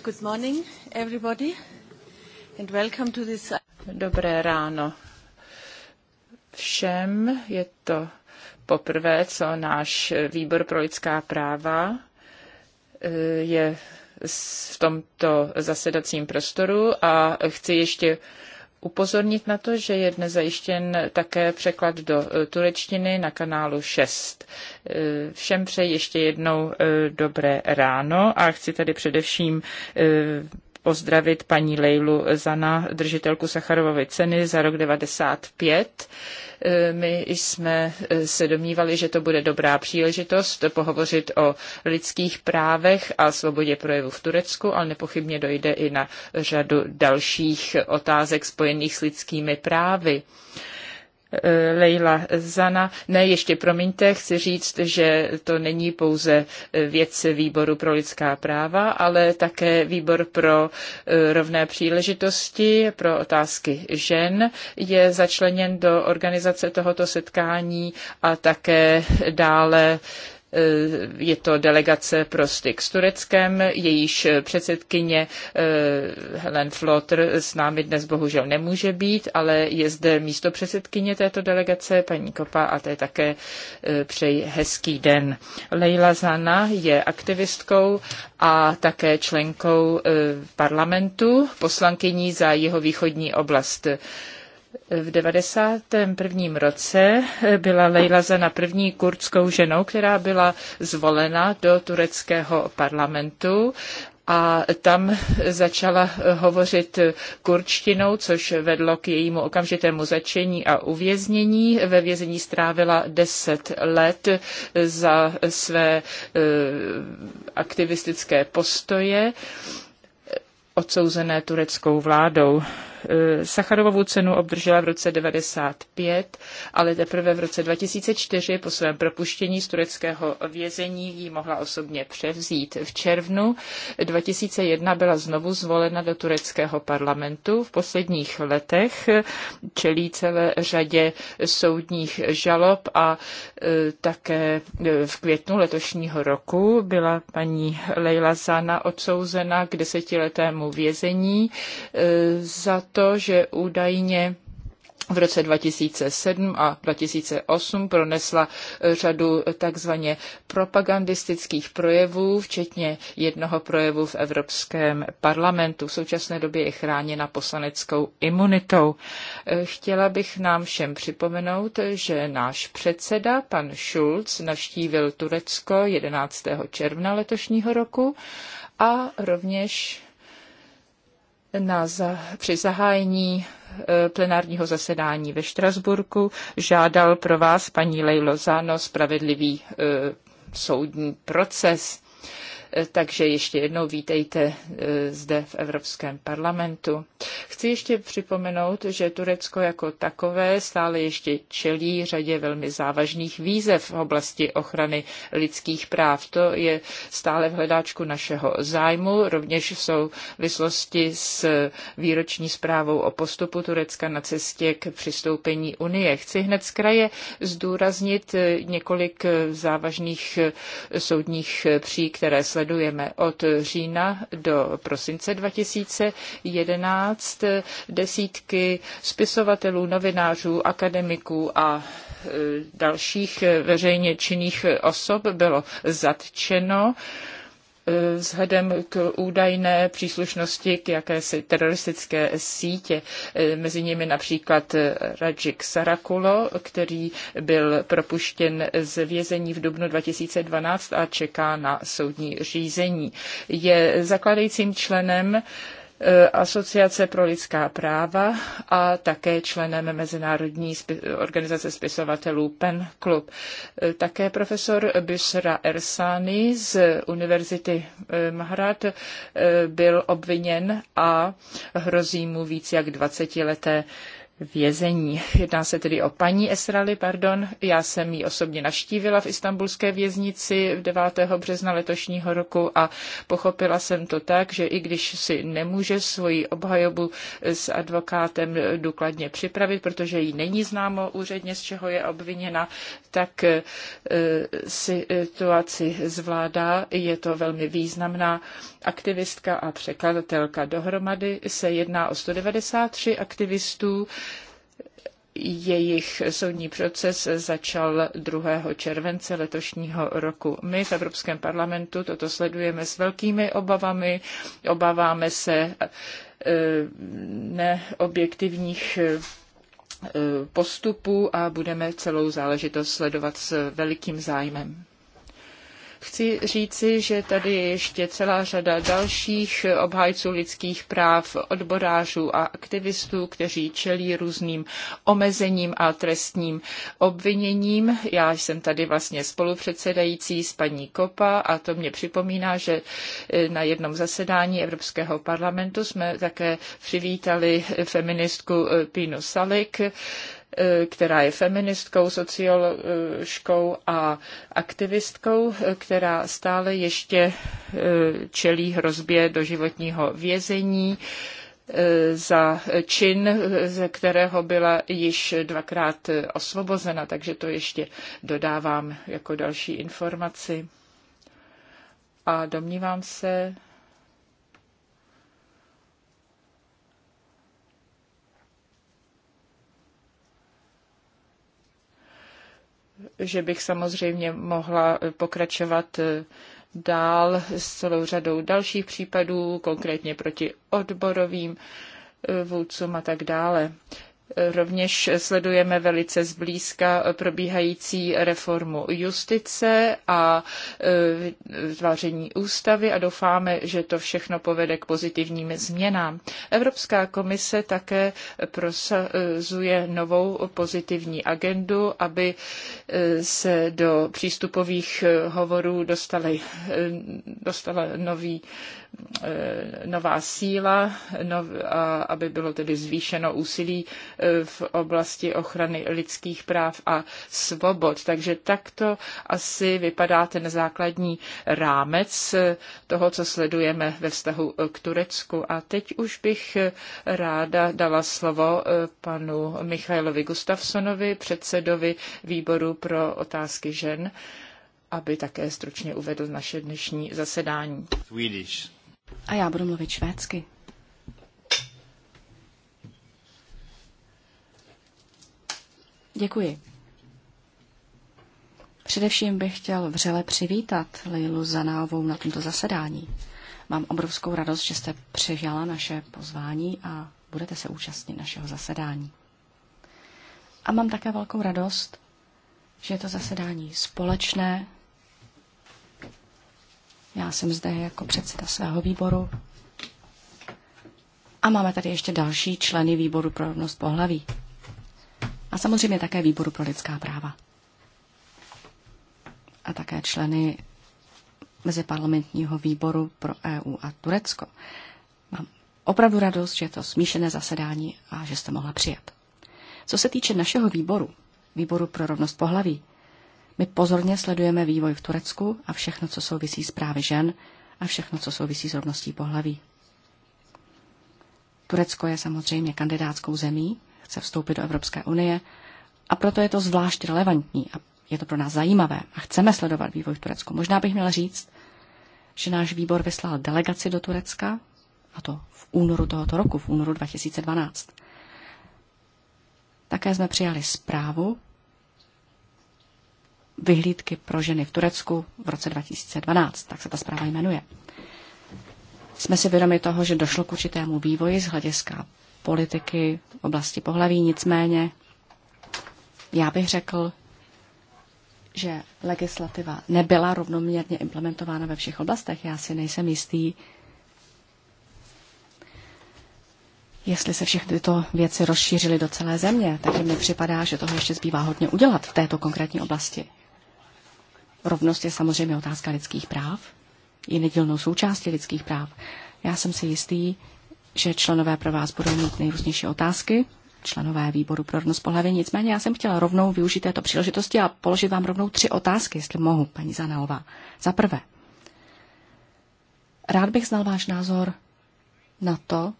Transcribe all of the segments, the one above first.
good morning, everybody, and welcome to this... Dobré ráno všem. Je to poprvé, co náš výbor pro lidská práva eh, je v tomto zasedacím prostoru a chci ještě upozornit na to, že je dnes zajištěn také překlad do e, turečtiny na kanálu 6. E, všem přeji ještě jednou e, dobré ráno a chci tady především pozdravit paní Lejlu Zana, držitelku Sacharovovy ceny za rok 95. E, my jsme e, se domnívali, že to bude dobrá příležitost pohovořit o lidských právech a svobodě projevu v Turecku, ale nepochybně dojde i na řadu dalších otázek spojených s lidskými právy. Eh, Leila Zana. Ne, ještě promiňte, chci říct, že to není pouze eh, věc výboru pro lidská práva, ale také výbor pro eh, rovné příležitosti, pro otázky žen je začleněn do organizace tohoto setkání a také dále Eh, je to delegace pro styk s Tureckem, jejíž předsedkyně eh, Helen Flotter s námi dnes bohužel nemůže být, ale je zde místo předsedkyně této delegace, paní Kopa, a je také eh, přeji hezký den. Leila Zana je aktivistkou a také členkou parlamentu, poslankyní za jeho východní oblast. V 91. roce byla Leila Zana první kurdskou ženou, která byla zvolena do tureckého parlamentu a tam začala hovořit kurčtinou, což vedlo k jejímu okamžitému začení a uvěznění. Ve vězení strávila deset let za své eh, aktivistické postoje odsouzené tureckou vládou. Eh, Sacharovovu cenu obdržela v roce 95, ale teprve v roce 2004 po svém propuštění z tureckého vězení ji mohla osobně převzít. V červnu 2001 byla znovu zvolena do tureckého parlamentu. V posledních letech čelí celé řadě soudních žalob a eh, také eh, v květnu letošního roku byla paní Leila Zana odsouzena k desetiletému vězení za to, že údajně v roce 2007 a 2008 pronesla řadu takzvaně propagandistických projevů, včetně jednoho projevu v Evropském parlamentu. V současné době je chráněna poslaneckou imunitou. Chtěla bych nám všem připomenout, že náš předseda, pan Schulz, navštívil Turecko 11. června letošního roku a rovněž na, při zahájení e, plenárního zasedání ve Štrasburku žádal pro vás, paní Lejlo Zano, spravedlivý e, soudní proces. Takže ještě jednou vítejte e, zde v Evropském parlamentu. Chci ještě připomenout, že Turecko jako takové stále ještě čelí řadě velmi závažných výzev v oblasti ochrany lidských práv. To je stále v hledáčku našeho zájmu, rovněž v souvislosti s výroční zprávou o postupu Turecka na cestě k přistoupení Unie. Chci hned z kraje zdůraznit e, několik e, závažných soudních pří, které sledujeme sledujeme od října do prosince 2011 desítky spisovatelů, novinářů, akademiků a e, dalších veřejně činných osob bylo zatčeno. Eh, vzhledem k údajné příslušnosti k jakési teroristické sítě. Eh, mezi nimi například eh, Rajik Sarakulo, který byl propuštěn z vězení v dubnu 2012 a čeká na soudní řízení. Je zakladajícím členem Eh, Asociace pro lidská práva a také členem Mezinárodní organizace spisovatelů PEN Club. Eh, také profesor Bisra Ersani z Univerzity eh, Mahrad byl obviněn a hrozí mu víc jak 20 leté vězení. Jedná se tedy o paní Esrali, pardon. Já jsem ji osobně naštívila v istambulské věznici 9. března letošního roku a pochopila jsem to tak, že i když si nemůže svoji obhajobu s advokátem důkladně připravit, protože jí není známo úředně, z čeho je obviněna, tak eh, situaci zvládá. Je to velmi významná aktivistka a překladatelka. Dohromady se jedná o 193 aktivistů, jejich soudní proces začal 2. července letošního roku. My v Evropském parlamentu toto sledujeme s velkými obavami. Obáváme se eh, neobjektivních eh, postupů a budeme celou záležitost sledovat s velikým zájmem. Chci říci, že tady je ještě celá řada dalších obhájců lidských práv, odborářů a aktivistů, kteří čelí různým omezením a trestním obviněním. Já jsem tady vlastně spolupředsedající s paní Kopa a to mě připomíná, že e, na jednom zasedání Evropského parlamentu jsme také přivítali feministku e, Pínu Salik, Eh, která je feministkou, socioložkou a aktivistkou, eh, která stále ještě eh, čelí hrozbě doživotního vězení za čin, ze kterého byla již dvakrát osvobozena, takže to ještě dodávám jako další informaci. A domnívám se, že bych samozřejmě mohla pokračovat dál s celou řadou dalších případů, konkrétně proti odborovým vůdcům a tak dále. Rovněž sledujeme velice zblízka probíhající reformu justice a e, vytváření ústavy a doufáme, že to všechno povede k pozitivním změnám. Evropská komise také prosazuje novou pozitivní agendu, aby e, se do přístupových hovorů dostali, e, dostala nový Eh, nová síla, nov, a aby bylo tedy zvýšeno úsilí eh, v oblasti ochrany lidských práv a svobod. Takže takto asi vypadá ten základní rámec eh, toho, co sledujeme ve vztahu k Turecku. A teď už bych ráda dala slovo panu Michailovi Gustafsonovi, předsedovi výboru pro otázky žen, aby také stručně uvedl naše dnešní zasedání. Swedish. A já budu mluvit švédsky. Děkuji. Především bych chtěl vřele přivítat Lilu Zanávou na tomto zasedání. Mám obrovskou radost, že jste přijala naše pozvání a budete se účastnit našeho zasedání. A mám také velkou radost, že je to zasedání společné já jsem zde jako předseda svého výboru. A máme tady ještě další členy výboru pro rovnost pohlaví. A samozřejmě také výboru pro lidská práva. A také členy meziparlamentního výboru pro EU a Turecko. Mám opravdu radost, že je to smíšené zasedání a že jste mohla přijet. Co se týče našeho výboru, výboru pro rovnost pohlaví, my pozorně sledujeme vývoj v Turecku a všechno, co souvisí s právy žen a všechno, co souvisí s rovností pohlaví. Turecko je samozřejmě kandidátskou zemí, chce vstoupit do Evropské unie a proto je to zvlášť relevantní a je to pro nás zajímavé a chceme sledovat vývoj v Turecku. Možná bych měla říct, že náš výbor vyslal delegaci do Turecka, a to v únoru tohoto roku, v únoru 2012. Také jsme přijali zprávu vyhlídky pro ženy v Turecku v roce 2012, tak se ta zpráva jmenuje. Jsme si vědomi toho, že došlo k určitému vývoji z hlediska politiky v oblasti pohlaví, nicméně já bych řekl, že legislativa nebyla rovnoměrně implementována ve všech oblastech. Já si nejsem jistý, jestli se všechny tyto věci rozšířily do celé země, takže mi připadá, že toho ještě zbývá hodně udělat v této konkrétní oblasti. Rovnost je samozřejmě otázka lidských práv, je nedílnou součástí lidských práv. Já jsem si jistý, že členové pro vás budou mít nejrůznější otázky, členové výboru pro rovnost pohlaví. Nicméně já jsem chtěla rovnou využít této příležitosti a položit vám rovnou tři otázky, jestli mohu, paní Zanalová. Za prvé, rád bych znal váš názor na to,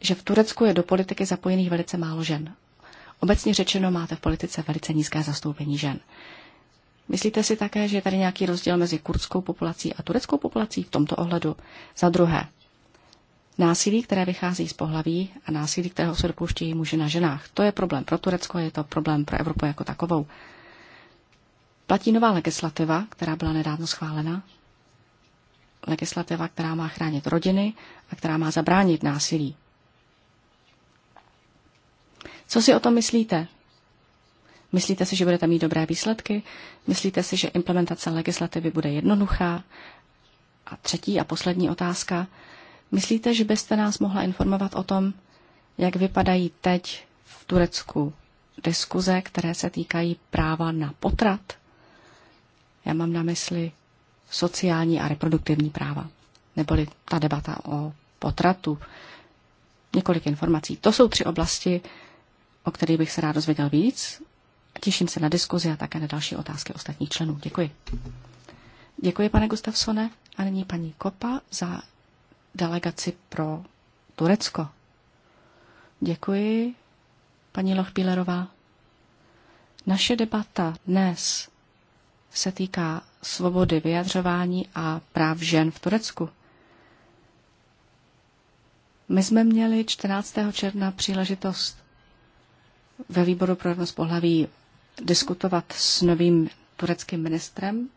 že v Turecku je do politiky zapojených velice málo žen. Obecně řečeno máte v politice velice nízké zastoupení žen. Myslíte si také, že je tady nějaký rozdíl mezi kurdskou populací a tureckou populací v tomto ohledu? Za druhé, násilí, které vychází z pohlaví a násilí, kterého se dopouštějí muži na ženách. To je problém pro Turecko, je to problém pro Evropu jako takovou. Platí nová legislativa, která byla nedávno schválena. Legislativa, která má chránit rodiny a která má zabránit násilí. Co si o tom myslíte? Myslíte si, že budete mít dobré výsledky? Myslíte si, že implementace legislativy bude jednoduchá? A třetí a poslední otázka. Myslíte, že byste nás mohla informovat o tom, jak vypadají teď v Turecku diskuze, které se týkají práva na potrat? Já mám na mysli sociální a reproduktivní práva, neboli ta debata o potratu. Několik informací. To jsou tři oblasti, o který bych se rád dozvěděl víc. Těším se na diskuzi a také na další otázky ostatních členů. Děkuji. Děkuji, pane Gustavsone. A nyní paní Kopa za delegaci pro Turecko. Děkuji, paní Lochbílerová. Naše debata dnes se týká svobody vyjadřování a práv žen v Turecku. My jsme měli 14. června příležitost ve výboru pro rovnost pohlaví diskutovat s novým tureckým ministrem.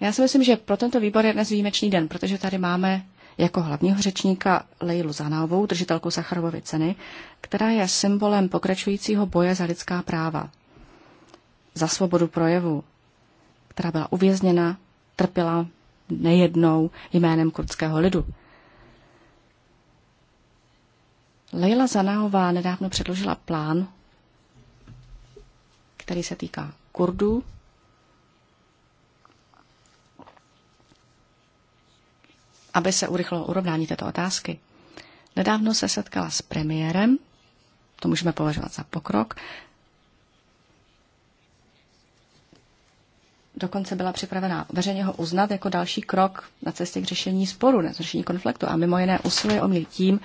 Já si myslím, že pro tento výbor je dnes výjimečný den, protože tady máme jako hlavního řečníka Leilu Zanávou, držitelku Sacharovovy ceny, která je symbolem pokračujícího boje za lidská práva, za svobodu projevu, která byla uvězněna, trpěla nejednou jménem kurdského lidu. Leila Zanahová nedávno předložila plán, který se týká Kurdů. Aby se urychlilo urovnání této otázky. Nedávno se setkala s premiérem, to můžeme považovat za pokrok, dokonce byla připravená veřejně ho uznat jako další krok na cestě k řešení sporu, na řešení konfliktu. A mimo jiné usiluje o mír tím,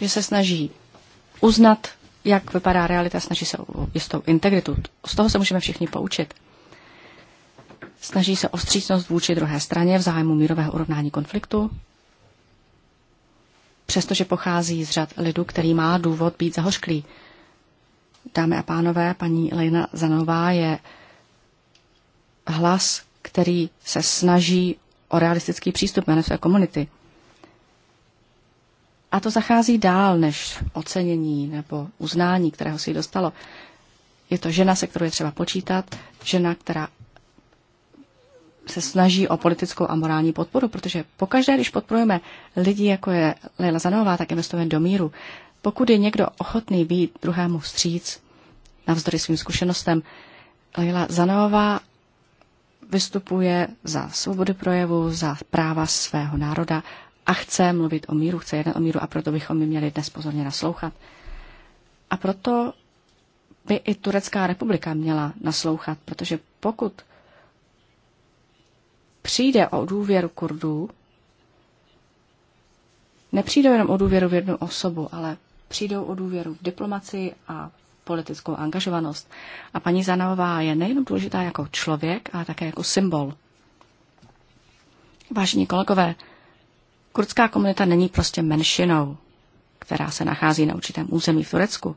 že se snaží uznat, jak vypadá realita, snaží se o jistou integritu. Z toho se můžeme všichni poučit. Snaží se o vstřícnost vůči druhé straně v zájmu mírového urovnání konfliktu, přestože pochází z řad lidu, který má důvod být zahořklý. Dámy a pánové, paní Lejna Zanová je hlas, který se snaží o realistický přístup jménem své komunity. A to zachází dál než ocenění nebo uznání, kterého si dostalo. Je to žena, se kterou je třeba počítat, žena, která se snaží o politickou a morální podporu, protože pokaždé, když podporujeme lidi, jako je Leila Zanová, tak investujeme do míru. Pokud je někdo ochotný být druhému vstříc, navzdory svým zkušenostem, Leila Zanová vystupuje za svobody projevu, za práva svého národa a chce mluvit o míru, chce jednat o míru a proto bychom mi měli dnes pozorně naslouchat. A proto by i Turecká republika měla naslouchat, protože pokud přijde o důvěru Kurdů, nepřijde jenom o důvěru v jednu osobu, ale přijdou o důvěru v diplomaci a politickou angažovanost. A paní Zanová je nejenom důležitá jako člověk, ale také jako symbol. Vážení kolegové, kurdská komunita není prostě menšinou, která se nachází na určitém území v Turecku.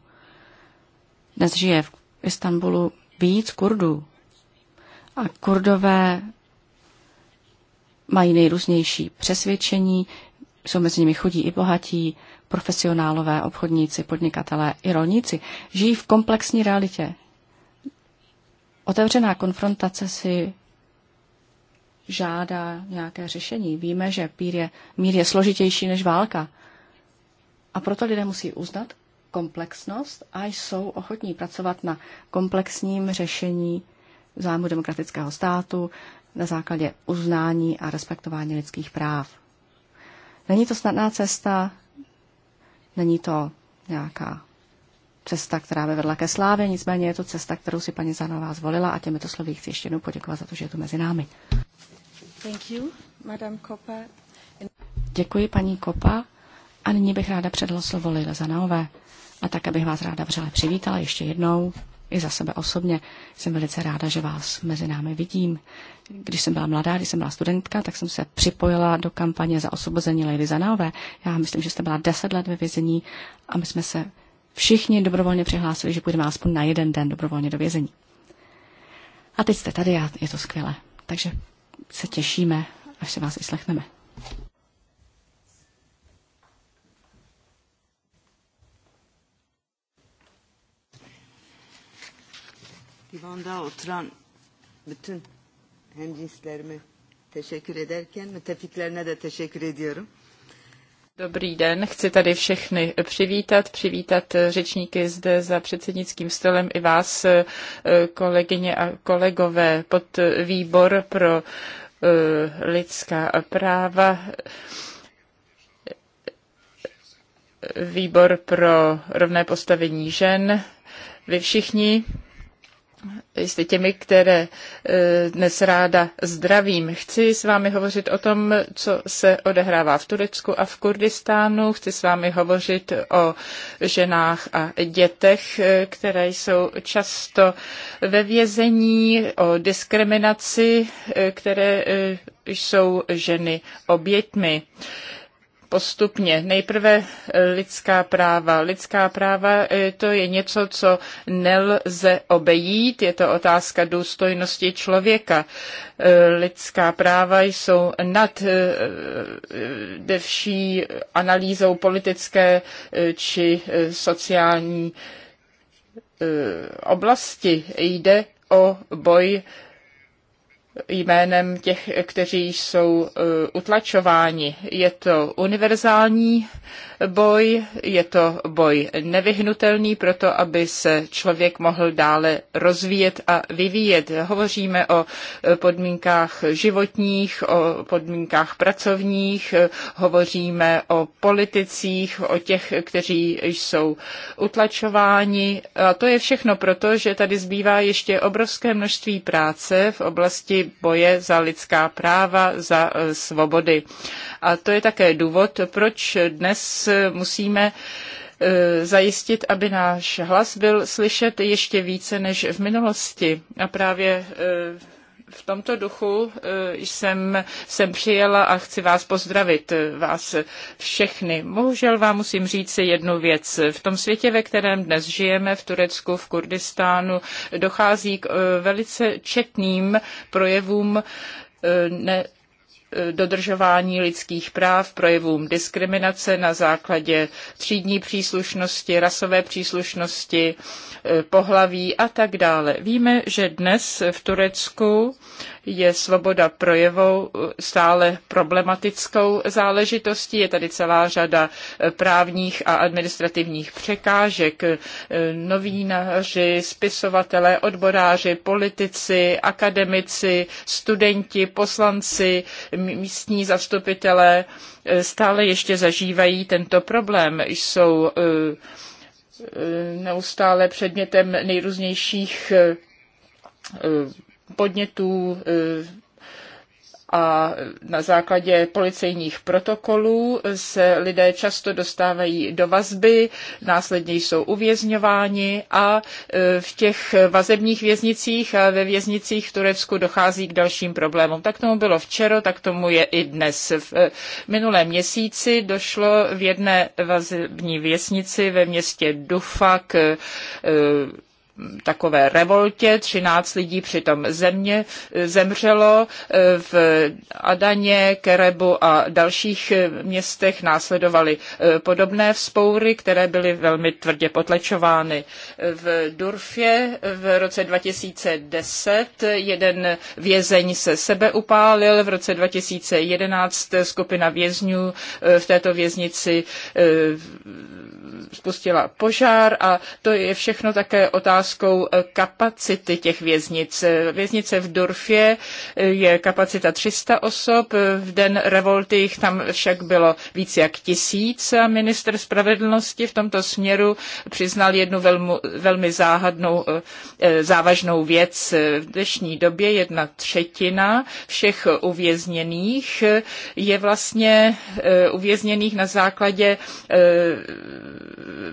Dnes žije v Istanbulu víc Kurdů. A Kurdové mají nejrůznější přesvědčení, jsou mezi nimi chudí i bohatí, profesionálové, obchodníci, podnikatelé i rolníci. Žijí v komplexní realitě. Otevřená konfrontace si žádá nějaké řešení. Víme, že pír je, mír je složitější než válka. A proto lidé musí uznat komplexnost a jsou ochotní pracovat na komplexním řešení zájmu demokratického státu na základě uznání a respektování lidských práv. Není to snadná cesta, není to nějaká cesta, která by vedla ke slávě, nicméně je to cesta, kterou si paní Zanová zvolila a těmito slovy chci ještě jednou poděkovat za to, že je tu mezi námi. Thank you, Madame Kopa. Děkuji, paní Kopa. A nyní bych ráda předala slovo Lile Zanové. A tak abych vás ráda vřele přivítala ještě jednou i za sebe osobně jsem velice ráda, že vás mezi námi vidím. Když jsem byla mladá, když jsem byla studentka, tak jsem se připojila do kampaně za osvobození Lady Zanové. Já myslím, že jste byla deset let ve vězení a my jsme se všichni dobrovolně přihlásili, že půjdeme aspoň na jeden den dobrovolně do vězení. A teď jste tady a je to skvělé. Takže se těšíme, až se vás vyslechneme. divanda oturan bütün hemcinslerimi teşekkür ederken mütefiklerine de teşekkür ediyorum. Dobrý den, chci tady všechny přivítat, přivítat řečníky zde za předsednickým stolem i vás, eh, kolegyně a kolegové, pod výbor pro eh, lidská práva výbor pro rovné postavení žen. Vy všichni jestli těmi, které e, dnes ráda zdravím. Chci s vámi hovořit o tom, co se odehrává v Turecku a v Kurdistánu. Chci s vámi hovořit o ženách a dětech, e, které jsou často ve vězení, o diskriminaci, e, které jsou ženy oběťmi postupně. Nejprve eh, lidská práva. Lidská práva eh, to je něco, co nelze obejít, je to otázka důstojnosti člověka. Eh, lidská práva jsou nad devší analýzou politické či sociální oblasti. Jde o boj jménem těch, kteří jsou eh, utlačováni. Je to univerzální boj, je to boj nevyhnutelný proto, aby se člověk mohl dále rozvíjet a vyvíjet. Hovoříme o eh, podmínkách životních, o podmínkách pracovních, eh, hovoříme o politicích, o těch, kteří jsou utlačováni. A to je všechno proto, že tady zbývá ještě obrovské množství práce v oblasti boje za lidská práva, za e, svobody. A to je také důvod, proč dnes musíme e, zajistit, aby náš hlas byl slyšet ještě více než v minulosti. A právě e, v tomto duchu eh, jsem sem přijela a chci vás pozdravit, eh, vás všechny. Bohužel vám musím říct jednu věc. V tom světě, ve kterém dnes žijeme, v Turecku, v Kurdistánu, dochází k eh, velice četným projevům ne, Eh, dodržování lidských práv, projevům diskriminace na základě třídní příslušnosti, rasové příslušnosti, eh, pohlaví a tak dále. Víme, že dnes v Turecku je svoboda projevou stále problematickou záležitostí. Je tady celá řada právních a administrativních překážek. Novínaři, spisovatelé, odboráři, politici, akademici, studenti, poslanci, místní zastupitelé stále ještě zažívají tento problém. Jsou e, e, neustále předmětem nejrůznějších e, podnětů eh, a na základě policejních protokolů se lidé často dostávají do vazby, následně jsou uvězňováni a eh, v těch vazebních věznicích a ve věznicích v Turecku dochází k dalším problémům. Tak tomu bylo včera, tak tomu je i dnes. V eh, minulém měsíci došlo v jedné vazební věznici ve městě Dufa k takové revoltě, 13 lidí přitom země, e, zemřelo e, v Adaně, Kerebu a dalších e, městech následovaly podobné vzpoury, které byly velmi tvrdě potlačovány. V Durfě v roce 2010 jeden vězeň se sebe upálil, v roce 2011 skupina vězňů v této věznici spustila požár a to je všechno také otázka otázkou eh, kapacity těch věznic. Věznice v Durfě eh, je kapacita 300 osob, eh, v den revolty jich tam však bylo víc jak tisíc a minister spravedlnosti v tomto směru přiznal jednu velmi, velmi záhadnou, závažnou věc. V dnešní době jedna třetina všech uvězněných je vlastně uvězněných na základě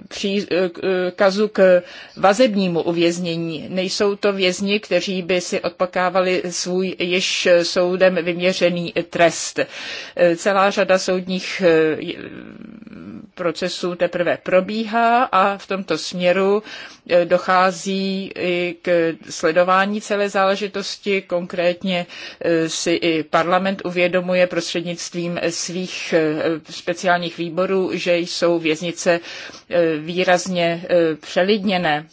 příkazu k vazebnímu uvěznění. Nejsou to vězni, kteří by si odpakávali svůj již soudem vyměřený trest. Celá řada soudních eh, procesů teprve probíhá a v tomto směru eh, dochází i k sledování celé záležitosti. Konkrétně eh, si i parlament uvědomuje prostřednictvím svých speciálních výborů, že jsou věznice výrazně přelidněné.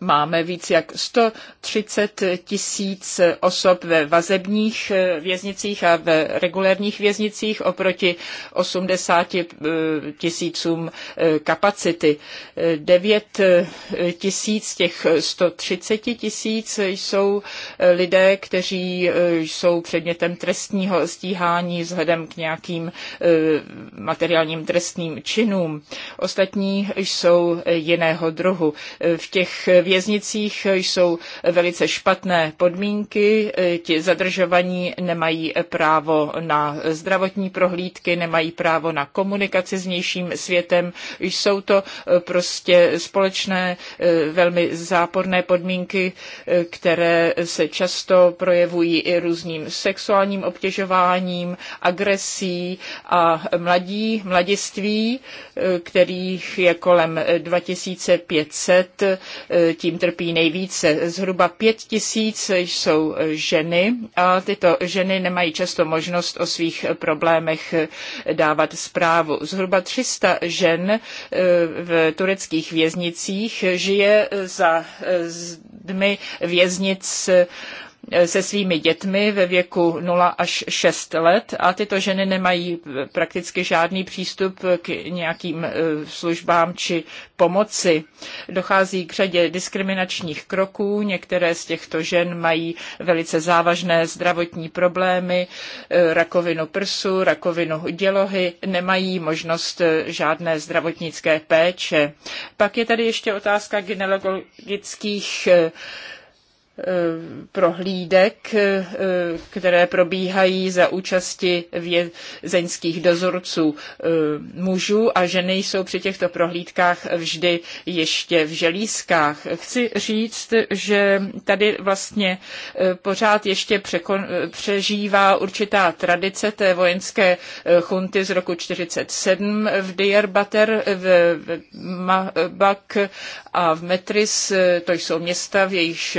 Máme víc jak 130 tisíc osob ve vazebních eh, věznicích a ve regulérních věznicích oproti 80 eh, tisícům eh, kapacity. 9 tisíc z těch 130 tisíc jsou lidé, kteří jsou předmětem trestního stíhání vzhledem k nějakým materiálním trestným činům. Ostatní jsou jiného druhu. V těch věznicích jsou velice špatné podmínky, ti zadržovaní nemají právo na zdravotní prohlídky, nemají právo na komunikaci s vnějším světem, jsou to prostě společné velmi záporné podmínky, které se často projevují i různým sexuálním obtěžováním, agresí a mladí, mladiství, kterých je kolem 2500, tím trpí nejvíce. Zhruba pět tisíc jsou ženy a tyto ženy nemají často možnost o svých problémech dávat zprávu. Zhruba 300 žen eh, v tureckých věznicích žije za eh, dmy věznic se svými dětmi ve věku 0 až 6 let a tyto ženy nemají prakticky žádný přístup k nějakým e, službám či pomoci. Dochází k řadě diskriminačních kroků, některé z těchto žen mají velice závažné zdravotní problémy, e, rakovinu prsu, rakovinu dělohy, nemají možnost e, žádné zdravotnické péče. Pak je tady ještě otázka gynekologických Eh, prohlídek, eh, které probíhají za účasti vězeňských dozorců eh, mužů a ženy jsou při těchto prohlídkách vždy ještě v želízkách. Chci říct, že tady vlastně pořád ještě překon, přežívá určitá tradice té vojenské chunty z roku 47 v Diyarbater, v Mabak a v Metris, to jsou města, v jejich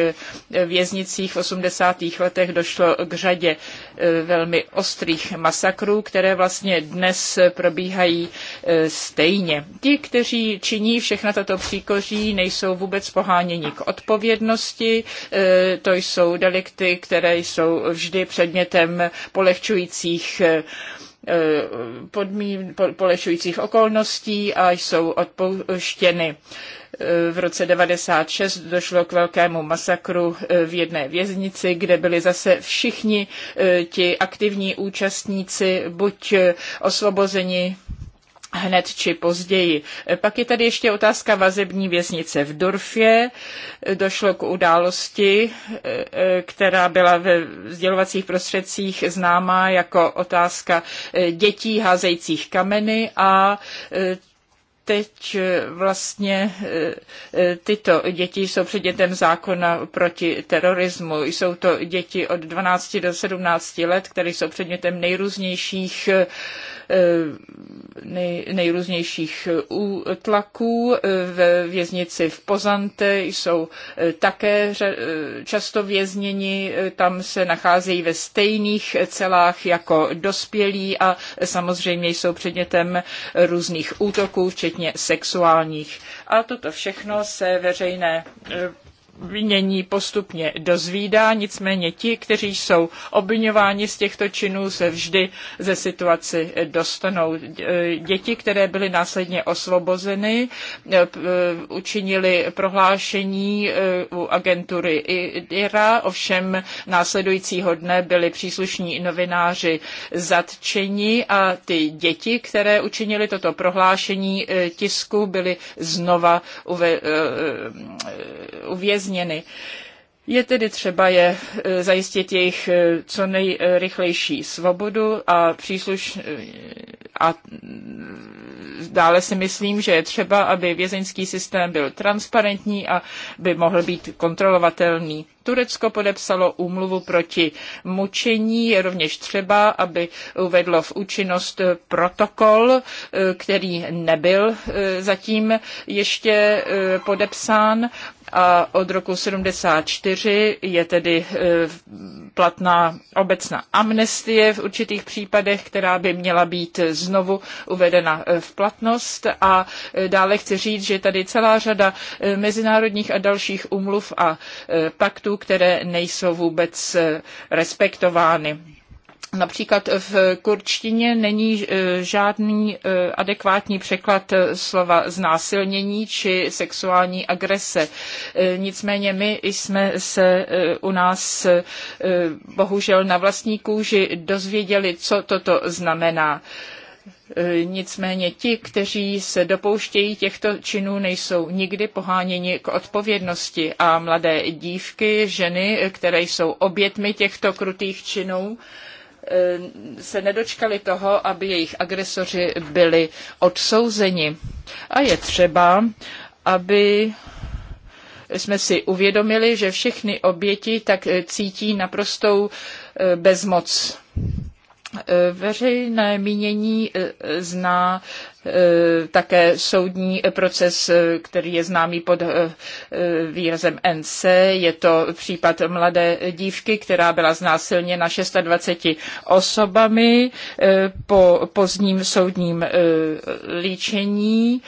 věznicích v 80. letech došlo k řadě e, velmi ostrých masakrů, které vlastně dnes probíhají e, stejně. Ti, kteří činí všechna tato příkoří, nejsou vůbec poháněni k odpovědnosti. E, to jsou delikty, které jsou vždy předmětem polehčujících Eh, podmín, polešujících okolností a jsou odpouštěny. Eh, v roce 96 došlo k velkému masakru eh, v jedné věznici, kde byli zase všichni ti aktivní účastníci buď osvobozeni hned či později. Pak je tady ještě otázka vazební věznice v Dorfě. Došlo k události, e, e, která byla ve sdělovacích prostředcích známá jako otázka e, dětí házejících kameny a teď vlastně tyto děti jsou předmětem zákona proti terorismu. Jsou to děti od 12 do 17 let, které jsou předmětem nejrůznějších Eh, nej, nejrůznějších útlaků. Eh, ve věznici v Pozante jsou eh, také často vězněni, tam se nacházejí ve stejných celách jako dospělí a samozřejmě jsou předmětem různých útoků, včetně sexuálních. A toto všechno se veřejné obvinění postupně dozvídá, nicméně ti, kteří jsou obvinováni z těchto činů, se vždy ze situaci dostanou. Děti, které byly následně osvobozeny, eh, eh, učinili prohlášení eh, u agentury IRA, ovšem následujícího dne byli příslušní novináři zatčeni a ty děti, které učinili toto prohlášení tisku, byly znova uvězněny změny. Je tedy třeba je e, zajistit jejich e, co nejrychlejší svobodu a přísluš e, a mm, dále si myslím, že je třeba, aby vězeňský systém byl transparentní a by mohl být kontrolovatelný. Turecko podepsalo úmluvu proti mučení, je rovněž třeba, aby uvedlo v účinnost protokol, který nebyl zatím ještě podepsán a od roku 74 je tedy e, platná obecná amnestie v určitých případech, která by měla být znovu uvedena e, v platnost. A e, dále chci říct, že tady celá řada mezinárodních a dalších umluv a paktů, které nejsou vůbec respektovány. Například v kurčtině není e, žádný e, adekvátní překlad e, slova znásilnění či sexuální agrese. Nicméně my jsme se u nás bohužel na vlastní kůži dozvěděli, co toto znamená. Nicméně ti, kteří se dopouštějí těchto činů, nejsou nikdy poháněni k odpovědnosti a mladé dívky, ženy, které jsou obětmi těchto krutých činů, Eh, se nedočkali toho, aby jejich agresoři byli odsouzeni. A je třeba, aby jsme si uvědomili, že všechny oběti tak eh, cítí naprostou eh, bezmoc. Veřejné mínění zná Eh, také soudní proces, eh, který je známý pod eh, výrazem NC. Je to případ mladé dívky, která byla znásilněna 26 osobami po pozdním soudním líčení.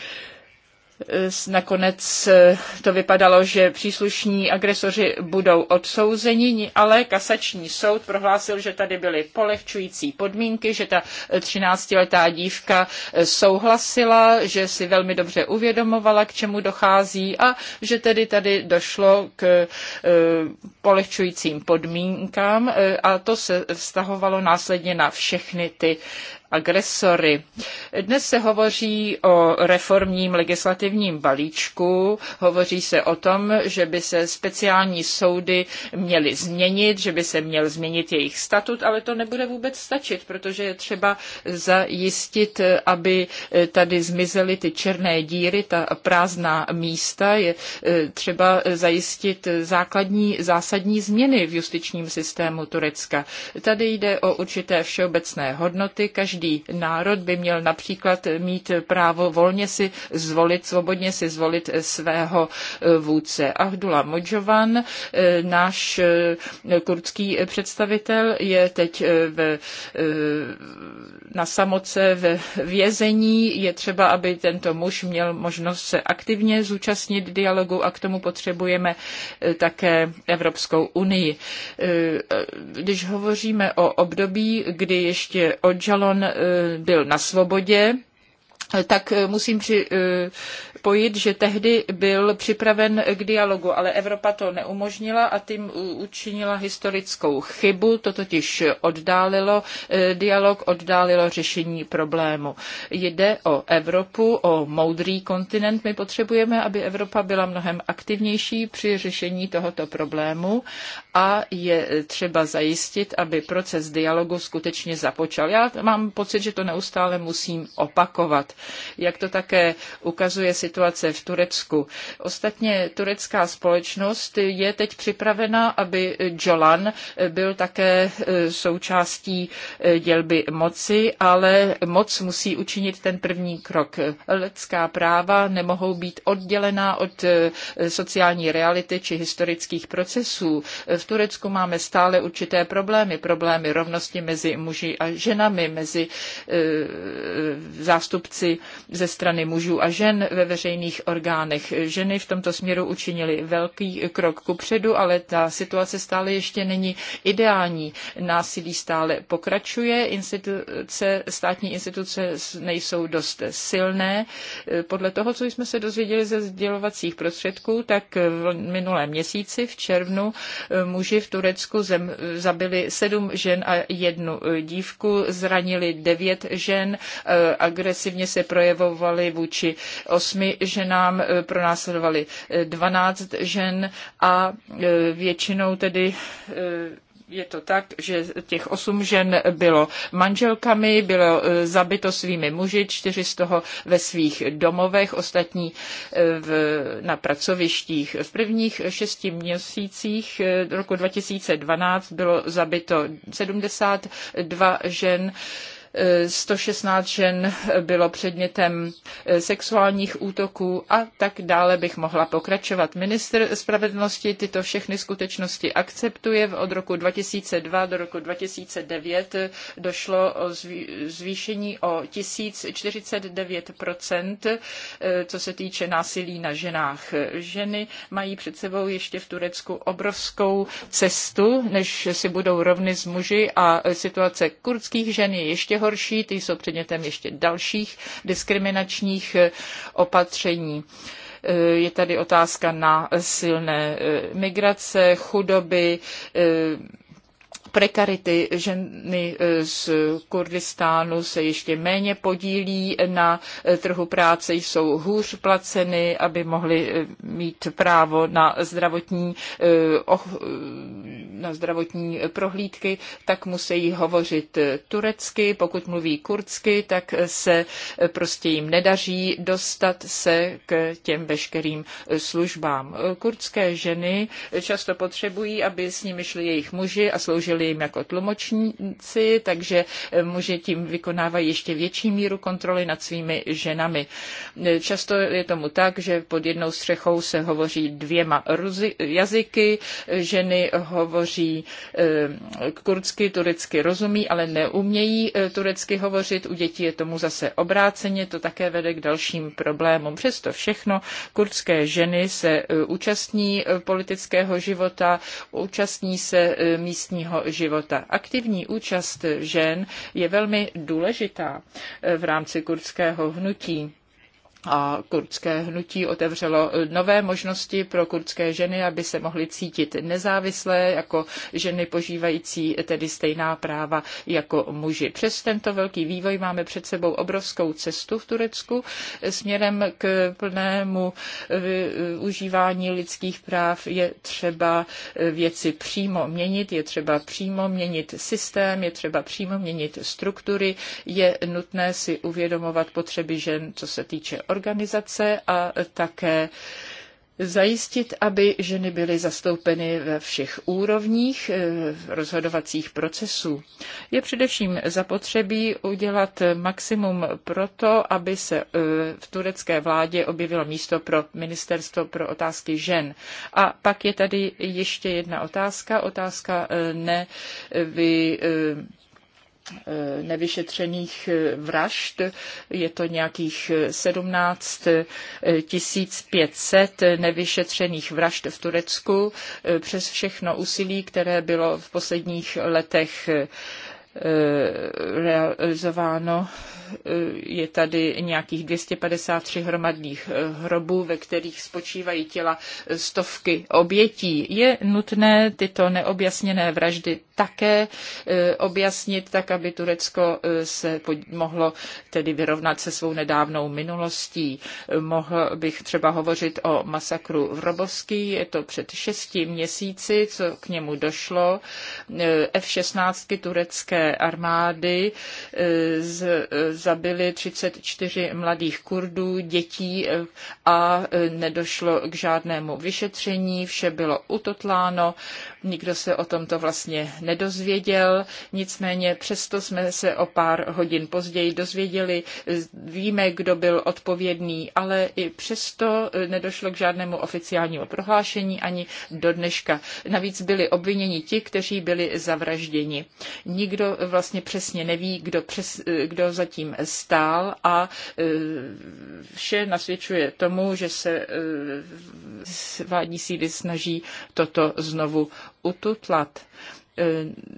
Nakonec eh, to vypadalo, že příslušní agresoři budou odsouzeni, ale kasační soud prohlásil, že tady byly polehčující podmínky, že ta 13-letá eh, dívka eh, souhlasila, že si velmi dobře uvědomovala, k čemu dochází a že tedy tady došlo k polehčujícím podmínkám a to se vztahovalo následně na všechny ty agresory. Dnes se hovoří o reformním legislativním balíčku, hovoří se o tom, že by se speciální soudy měly změnit, že by se měl změnit jejich statut, ale to nebude vůbec stačit, protože je třeba zajistit, aby eh, tady zmizely ty černé díry, ta prázdná místa, je eh, třeba zajistit základní, zásadní změny v justičním systému Turecka. Tady jde o určité všeobecné hodnoty, každý Každý národ by měl například mít právo volně si zvolit, svobodně si zvolit svého e, vůdce. Ahdula Modžovan, e, náš e, kurdský představitel, je teď v, na samoce v vězení. Je třeba, aby tento muž měl možnost se aktivně zúčastnit dialogu a k tomu potřebujeme také Evropskou unii. Když hovoříme o období, kdy ještě Odžalon Eh, byl na svobodě tak eh, musím připojit, eh, že tehdy byl připraven k dialogu, ale Evropa to neumožnila a tím učinila historickou chybu. To totiž oddálilo eh, dialog, oddálilo řešení problému. Jde o Evropu, o moudrý kontinent. My potřebujeme, aby Evropa byla mnohem aktivnější při řešení tohoto problému a je třeba zajistit, aby proces dialogu skutečně započal. Já mám pocit, že to neustále musím opakovat jak to také ukazuje situace v Turecku. Ostatně turecká společnost je teď připravena, aby Jolan byl také e, součástí e, dělby moci, ale moc musí učinit ten první krok. Lidská práva nemohou být oddělená od e, sociální reality či historických procesů. V Turecku máme stále určité problémy, problémy rovnosti mezi muži a ženami, mezi zástupci práci ze strany mužů a žen ve veřejných orgánech. Ženy v tomto směru učinily velký krok kupředu, ale ta situace stále ještě není ideální. Násilí stále pokračuje, instituce, státní instituce nejsou dost silné. Podle toho, co jsme se dozvěděli ze sdělovacích prostředků, tak v minulém měsíci, v červnu, muži v Turecku zem, zabili sedm žen a jednu dívku, zranili devět žen, agresivně se projevovaly vůči osmi ženám, e, pronásledovali e, dvanáct žen a e, většinou tedy je to tak, že těch osm žen bylo manželkami, bylo zabito svými muži, čtyři z toho ve svých domovech, ostatní v, na pracovištích. V prvních šesti měsících roku 2012 bylo zabito 72 žen 116 žen bylo předmětem eh, sexuálních útoků a tak dále bych mohla pokračovat. Minister spravedlnosti tyto všechny skutečnosti akceptuje. Od roku 2002 do roku 2009 eh, došlo o zvýšení o 1049 eh, co se týče násilí na ženách. Ženy mají před sebou ještě v Turecku obrovskou cestu, než si budou rovny s muži a situace kurdských žen je ještě horší, ty jsou předmětem ještě dalších diskriminačních eh, opatření. Eh, je tady otázka na silné eh, migrace, chudoby, prekarity. Ženy e, z Kurdistánu se ještě méně podílí na e, trhu práce, jsou hůř placeny, aby mohly e, mít právo na zdravotní, na zdravotní prohlídky, tak musí hovořit turecky. Pokud mluví kurdsky, tak se prostě jim nedaří dostat se k těm veškerým službám. Kurdské ženy často potřebují, aby s nimi šli jejich muži a sloužili sloužili jim jako tlumočníci, takže eh, muži tím vykonávají ještě větší míru kontroly nad svými ženami. Eh, často je tomu tak, že pod jednou střechou se hovoří dvěma jazyky, eh, ženy hovoří kurdsky, turecky rozumí, ale neumějí turecky hovořit. U dětí je tomu zase obráceně, to také vede k dalším problémům. Přesto všechno kurdské ženy se účastní politického života, účastní se místního života. Aktivní účast žen je velmi důležitá v rámci kurdského hnutí a kurdské hnutí otevřelo nové možnosti pro kurdské ženy, aby se mohly cítit nezávislé jako ženy požívající tedy stejná práva jako muži. Přes tento velký vývoj máme před sebou obrovskou cestu v Turecku směrem k plnému užívání lidských práv. Je třeba věci přímo měnit, je třeba přímo měnit systém, je třeba přímo měnit struktury, je nutné si uvědomovat potřeby žen, co se týče organizace a také zajistit, aby ženy byly zastoupeny ve všech úrovních eh, rozhodovacích procesů. Je především zapotřebí udělat maximum pro to, aby se eh, v turecké vládě objevilo místo pro ministerstvo pro otázky žen. A pak je tady ještě jedna otázka, otázka eh, ne vy, Eh, nevyšetřených eh, vražd. Je to nějakých 17 eh, 500 nevyšetřených vražd v Turecku přes všechno úsilí, které bylo v posledních letech Eh, realizováno. Eh, je tady nějakých 253 hromadných eh, hrobů, ve kterých spočívají těla stovky obětí. Je nutné tyto neobjasněné vraždy také objasnit, tak aby Turecko se mohlo tedy vyrovnat se svou nedávnou minulostí. Mohl bych třeba hovořit o masakru v Robovský, je to před šesti měsíci, co k němu došlo. F-16 turecké armády e, z, zabili 34 mladých Kurdů, dětí e, a e, nedošlo k žádnému vyšetření, vše bylo utotláno, nikdo se o tomto vlastně nedozvěděl, nicméně přesto jsme se o pár hodin později dozvěděli, víme, kdo byl odpovědný, ale i přesto nedošlo k žádnému oficiálnímu prohlášení ani do dneška. Navíc byli obviněni ti, kteří byli zavražděni. Nikdo vlastně přesně neví, kdo, přes, kdo zatím stál a e, vše nasvědčuje tomu, že se e, vládní síly snaží toto znovu ututlat e,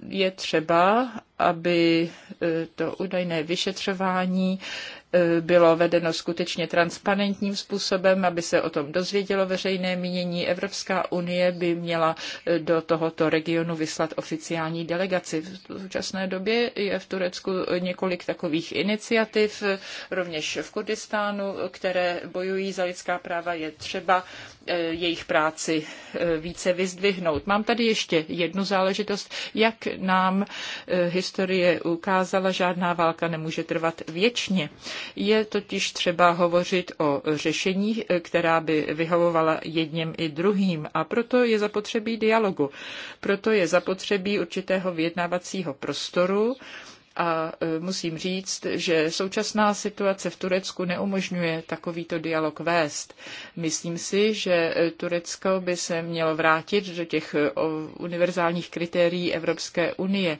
je třeba, aby to údajné vyšetřování E, bylo vedeno skutečně transparentním způsobem, aby se o tom dozvědělo veřejné mínění. Evropská unie by měla e, do tohoto regionu vyslat oficiální delegaci. V současné době je v Turecku několik takových iniciativ, rovněž v Kurdistánu, které bojují za lidská práva. Je třeba e, jejich práci více vyzdvihnout. Mám tady ještě jednu záležitost. Jak nám historie ukázala, žádná válka nemůže trvat věčně. Je totiž třeba hovořit o řešení, která by vyhovovala jedním i druhým a proto je zapotřebí dialogu. Proto je zapotřebí určitého vyjednávacího prostoru, a e, musím říct, že současná situace v Turecku neumožňuje takovýto dialog vést. Myslím si, že e, Turecko by se mělo vrátit do těch e, univerzálních kritérií Evropské unie.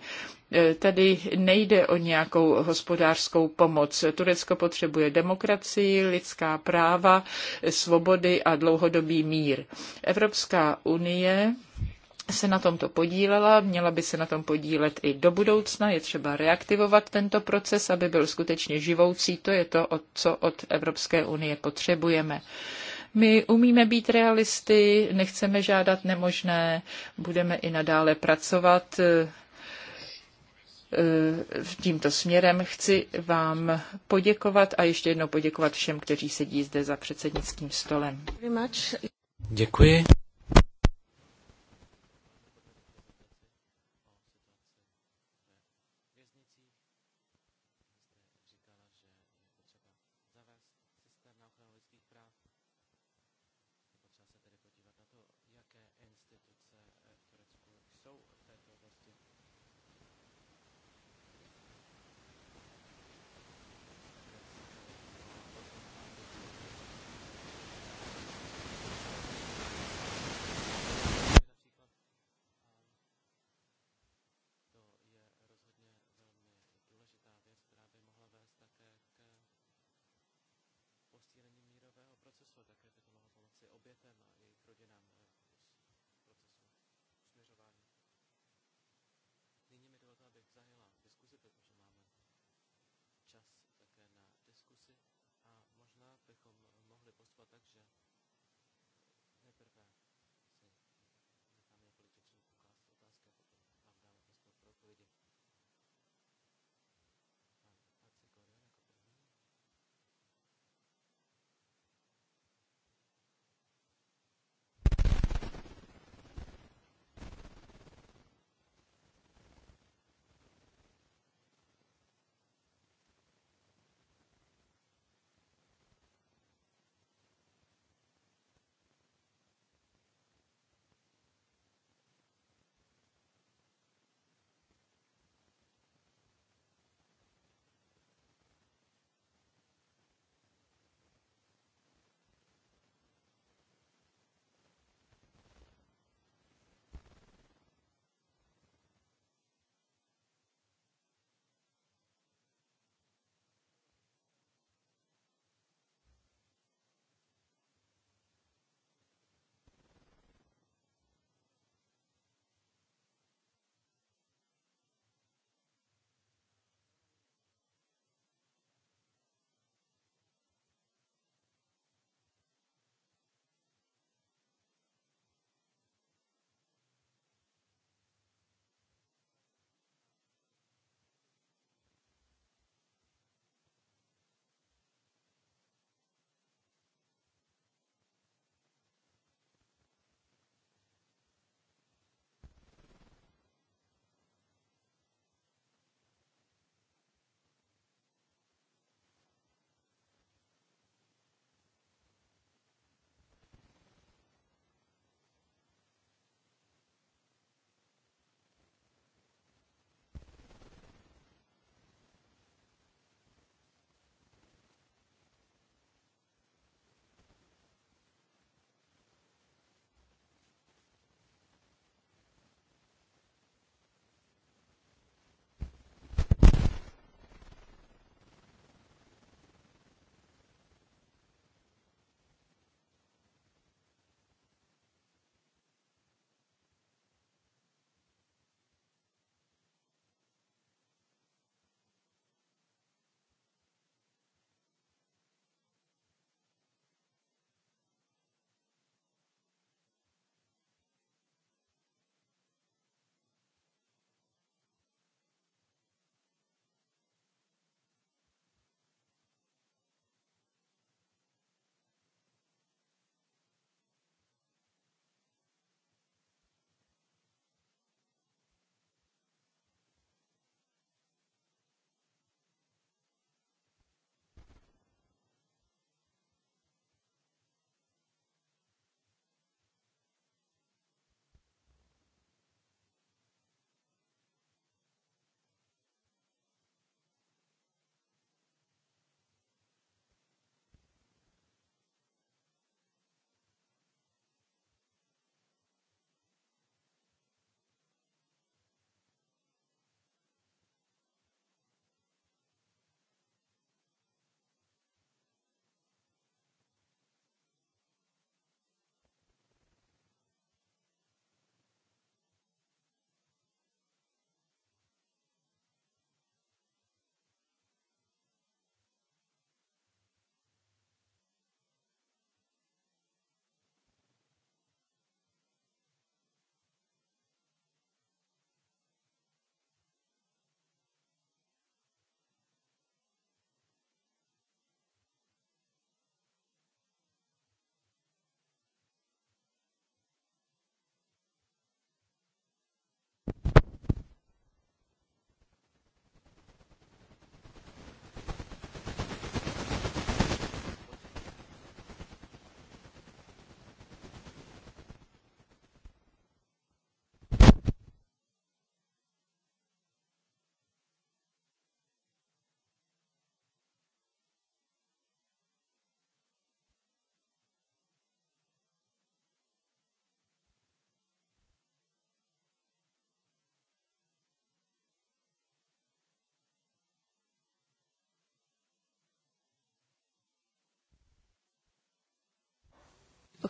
E, tady nejde o nějakou hospodářskou pomoc. Turecko potřebuje demokracii, lidská práva, svobody a dlouhodobý mír. Evropská unie se na tomto podílela, měla by se na tom podílet i do budoucna. Je třeba reaktivovat tento proces, aby byl skutečně živoucí. To je to, co od Evropské unie potřebujeme. My umíme být realisty, nechceme žádat nemožné, budeme i nadále pracovat tímto směrem. Chci vám poděkovat a ještě jednou poděkovat všem, kteří sedí zde za předsednickým stolem. Děkuji. takže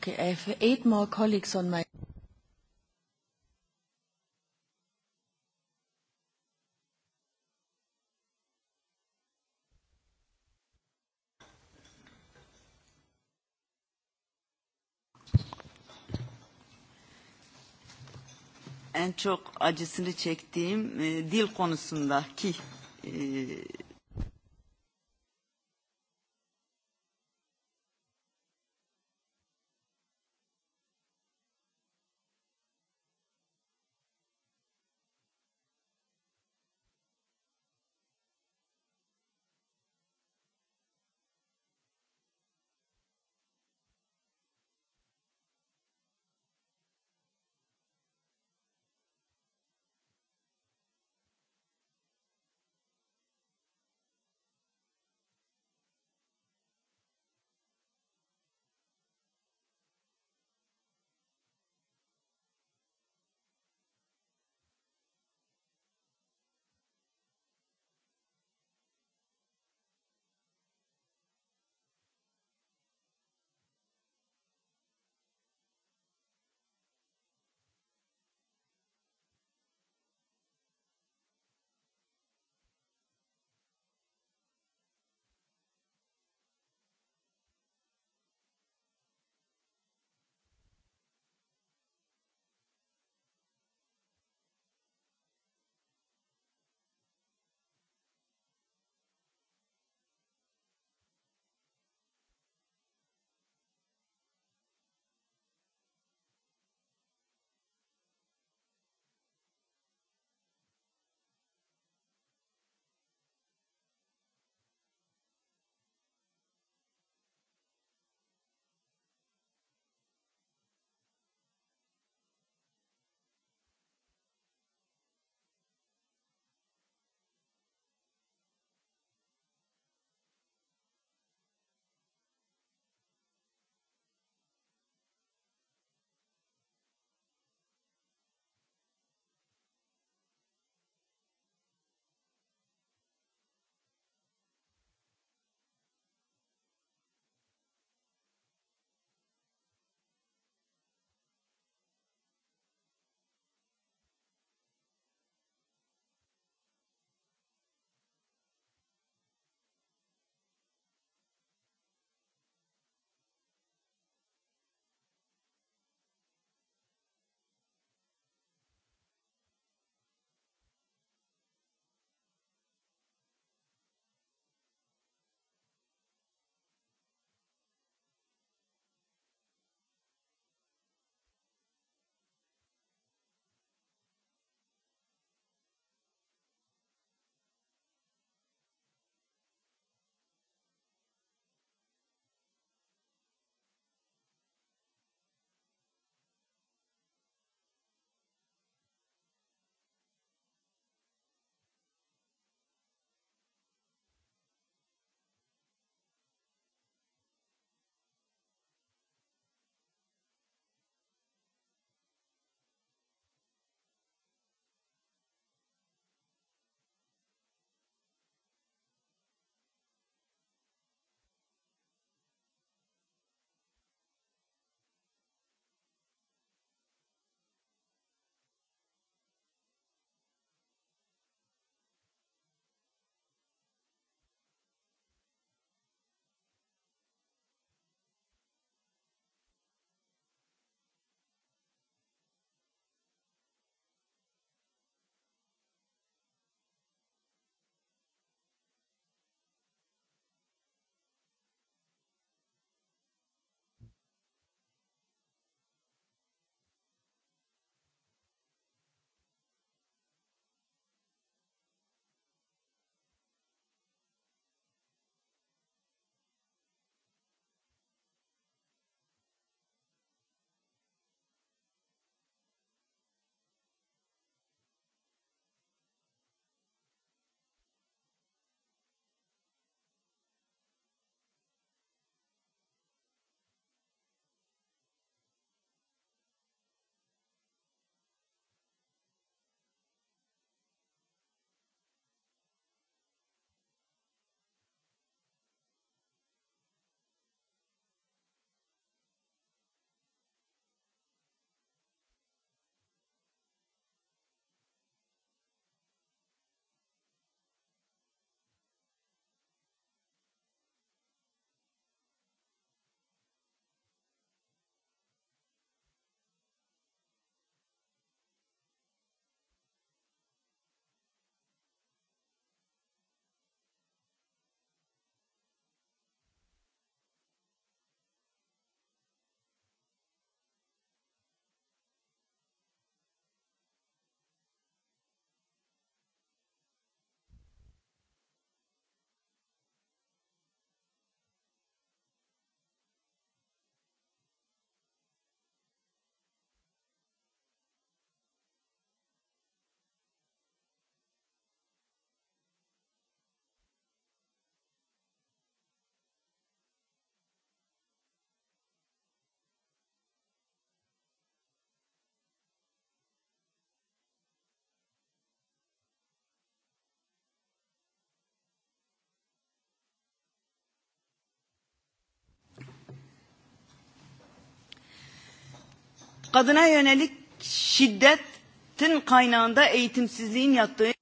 Okay, I have eight more colleagues on my... en çok acısını çektiğim e, dil konusundaki e, kadına yönelik şiddetin kaynağında eğitimsizliğin yattığı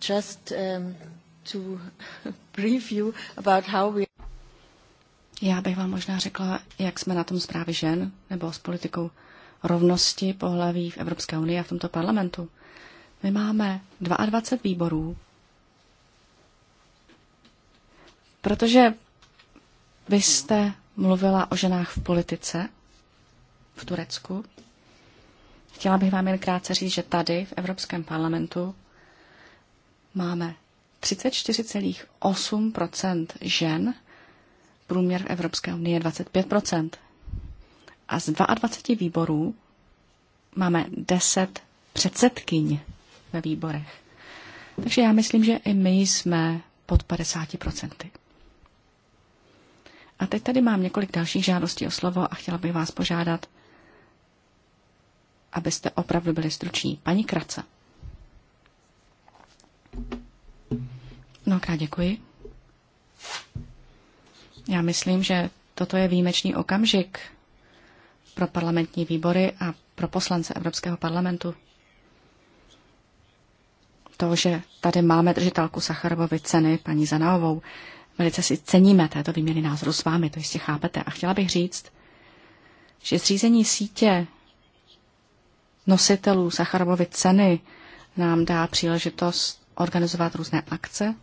just um, to brief you about how we... Já bych vám možná řekla, jak jsme na tom zprávě žen nebo s politikou rovnosti pohlaví v Evropské unii a v tomto parlamentu. My máme 22 výborů, protože vy jste mluvila o ženách v politice v Turecku. Chtěla bych vám jen krátce říct, že tady v Evropském parlamentu máme 34,8 žen, průměr v Evropské unii je 25 A z 22 výborů máme 10 předsedkyň ve výborech. Takže já myslím, že i my jsme pod 50 A teď tady mám několik dalších žádostí o slovo a chtěla bych vás požádat, abyste opravdu byli struční. Paní Krace. Mnohokrát děkuji. Já myslím, že toto je výjimečný okamžik pro parlamentní výbory a pro poslance Evropského parlamentu. To, že tady máme držitelku Sacharovovy ceny, paní Zanaovou, velice si ceníme této výměny názoru s vámi, to jistě chápete. A chtěla bych říct, že zřízení sítě nositelů Sacharovovy ceny nám dá příležitost organizovat různé akce,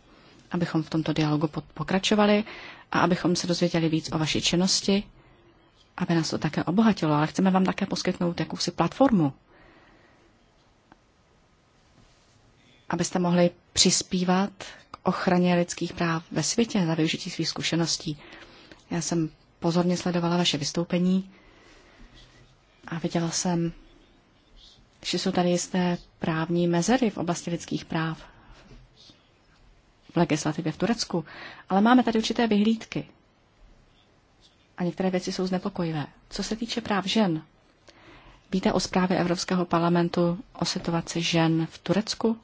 abychom v tomto dialogu pokračovali a abychom se dozvěděli víc o vaší činnosti, aby nás to také obohatilo, ale chceme vám také poskytnout jakousi platformu, abyste mohli přispívat k ochraně lidských práv ve světě za využití svých zkušeností. Já jsem pozorně sledovala vaše vystoupení a viděla jsem, že jsou tady jisté právní mezery v oblasti lidských práv v legislativě v Turecku, ale máme tady určité vyhlídky. A některé věci jsou znepokojivé. Co se týče práv žen, víte o zprávě Evropského parlamentu o situaci žen v Turecku?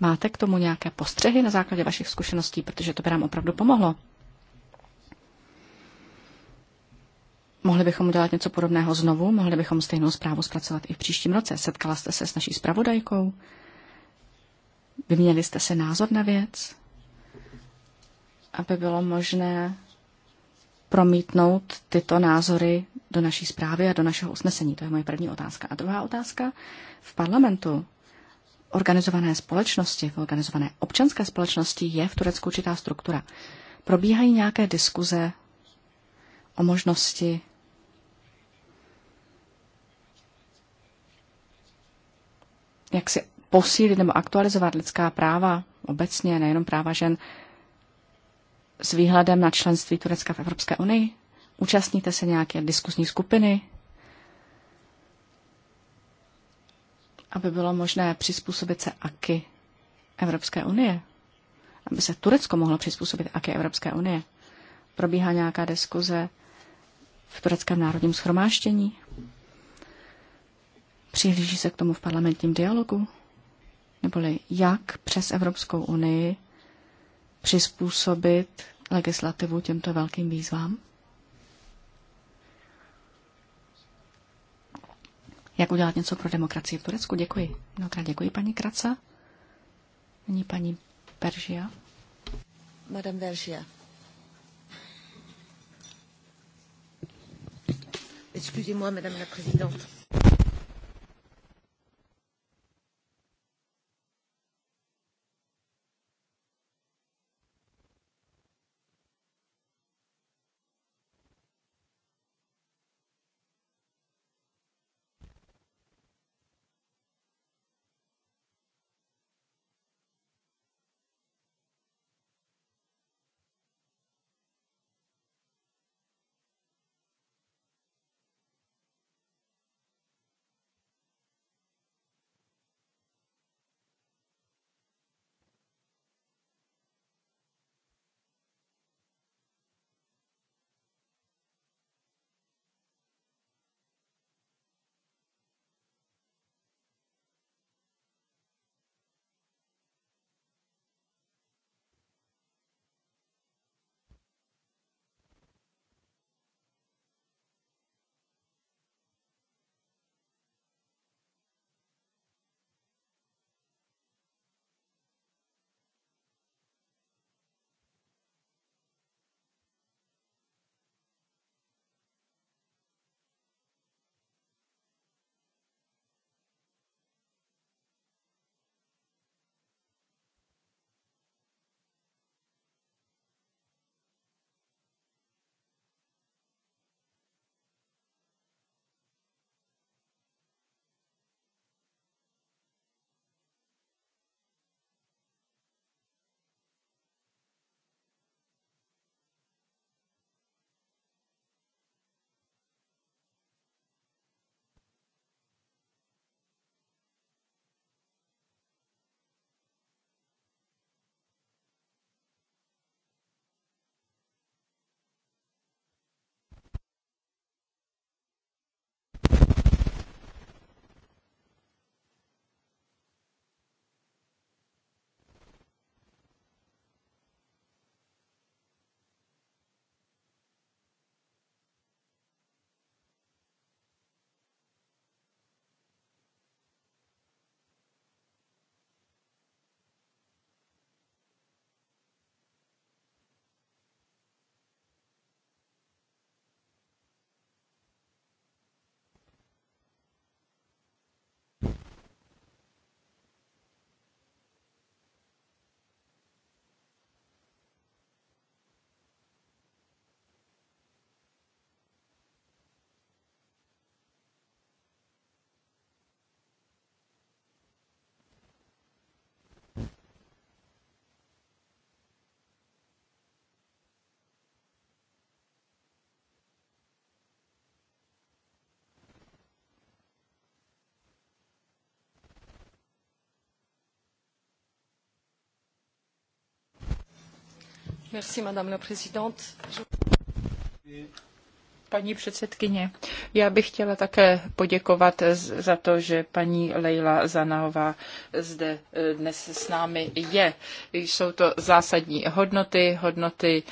Máte k tomu nějaké postřehy na základě vašich zkušeností, protože to by nám opravdu pomohlo. Mohli bychom udělat něco podobného znovu, mohli bychom stejnou zprávu zpracovat i v příštím roce. Setkala jste se s naší zpravodajkou? Vyměnili jste se názor na věc, aby bylo možné promítnout tyto názory do naší zprávy a do našeho usnesení? To je moje první otázka. A druhá otázka. V parlamentu organizované společnosti, v organizované občanské společnosti je v Turecku určitá struktura. Probíhají nějaké diskuze o možnosti jak si posílit nebo aktualizovat lidská práva obecně, nejenom práva žen, s výhledem na členství Turecka v Evropské unii? Účastníte se nějaké diskusní skupiny? Aby bylo možné přizpůsobit se AKY Evropské unie? Aby se Turecko mohlo přizpůsobit AKY Evropské unie? Probíhá nějaká diskuze v Tureckém národním schromáštění? Přihlíží se k tomu v parlamentním dialogu? neboli jak přes Evropskou unii přizpůsobit legislativu těmto velkým výzvám? Jak udělat něco pro demokracii v Turecku? Děkuji. Mnohokrát děkuji, paní Kraca. Není paní Peržia. Madame Peržia. Excusez-moi, Madame la Présidente. Paní předsedkyně, já bych chtěla také poděkovat za to, že paní Leila Zanahová zde eh, dnes s námi je. Jsou to zásadní hodnoty, hodnoty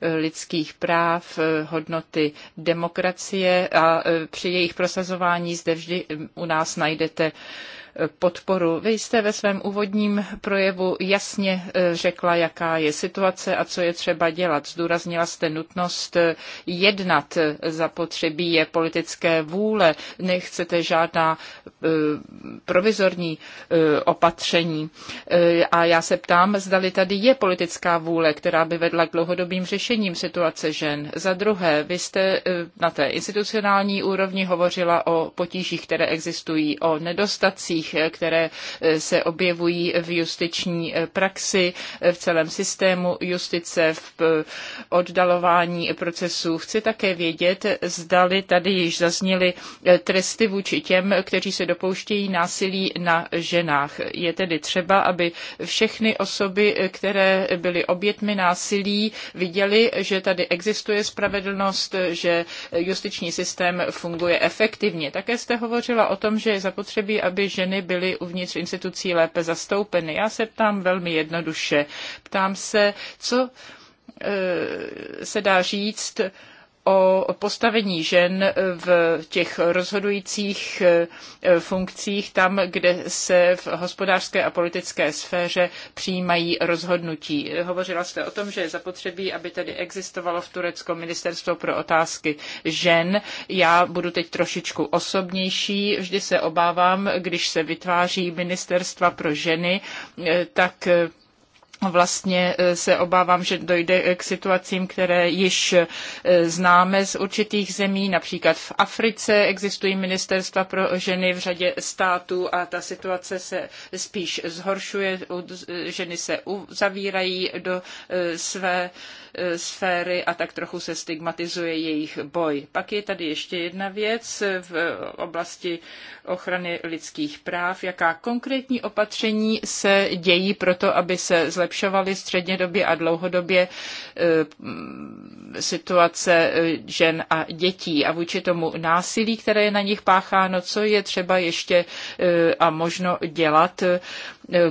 eh, lidských práv, eh, hodnoty demokracie a při jejich prosazování zde vždy mm, u nás najdete podporu. Vy jste ve svém úvodním projevu jasně eh, řekla, jaká je situace a co je třeba dělat. Zdůraznila jste nutnost eh, jednat eh, zapotřebí je politické vůle. Nechcete žádná provizorní opatření. A já se ptám, zdali tady je politická vůle, která by vedla k dlouhodobým řešením situace žen. Za druhé, vy jste na té institucionální úrovni hovořila o potížích, které existují, o nedostacích korupcích, eh, které eh, se objevují v justiční eh, praxi, v celém systému justice, v oddalování procesů. Chci také vědět, zdali tady již zazněly tresty vůči těm, kteří se dopouštějí násilí na ženách. Je tedy třeba, aby všechny osoby, které byly obětmi násilí, viděly, že tady existuje spravedlnost, že justiční systém funguje efektivně. Také jste hovořila o tom, že je zapotřebí, aby ženy ženy byly uvnitř institucí lépe zastoupeny. Já se ptám velmi jednoduše. Ptám se, co eh, se dá říct, o postavení žen v těch rozhodujících e, funkcích, tam, kde se v hospodářské a politické sféře přijímají rozhodnutí. Hovořila jste o tom, že je zapotřebí, aby tedy existovalo v Turecku ministerstvo pro otázky žen. Já budu teď trošičku osobnější. Vždy se obávám, když se vytváří ministerstva pro ženy, e, tak e, vlastně e, se obávám, že dojde k situacím, které již e, známe z určitých zemí, například v Africe existují ministerstva pro ženy v řadě států a ta situace se spíš zhoršuje, ženy se uzavírají do e, své sféry a tak trochu se stigmatizuje jejich boj. Pak je tady ještě jedna věc v oblasti ochrany lidských práv, jaká konkrétní opatření se dějí pro to, aby se zlepšila zlepšovaly střednědobě a dlouhodobě eh, situace eh, žen a dětí a vůči tomu násilí, které je na nich pácháno, co je třeba ještě eh, a možno dělat,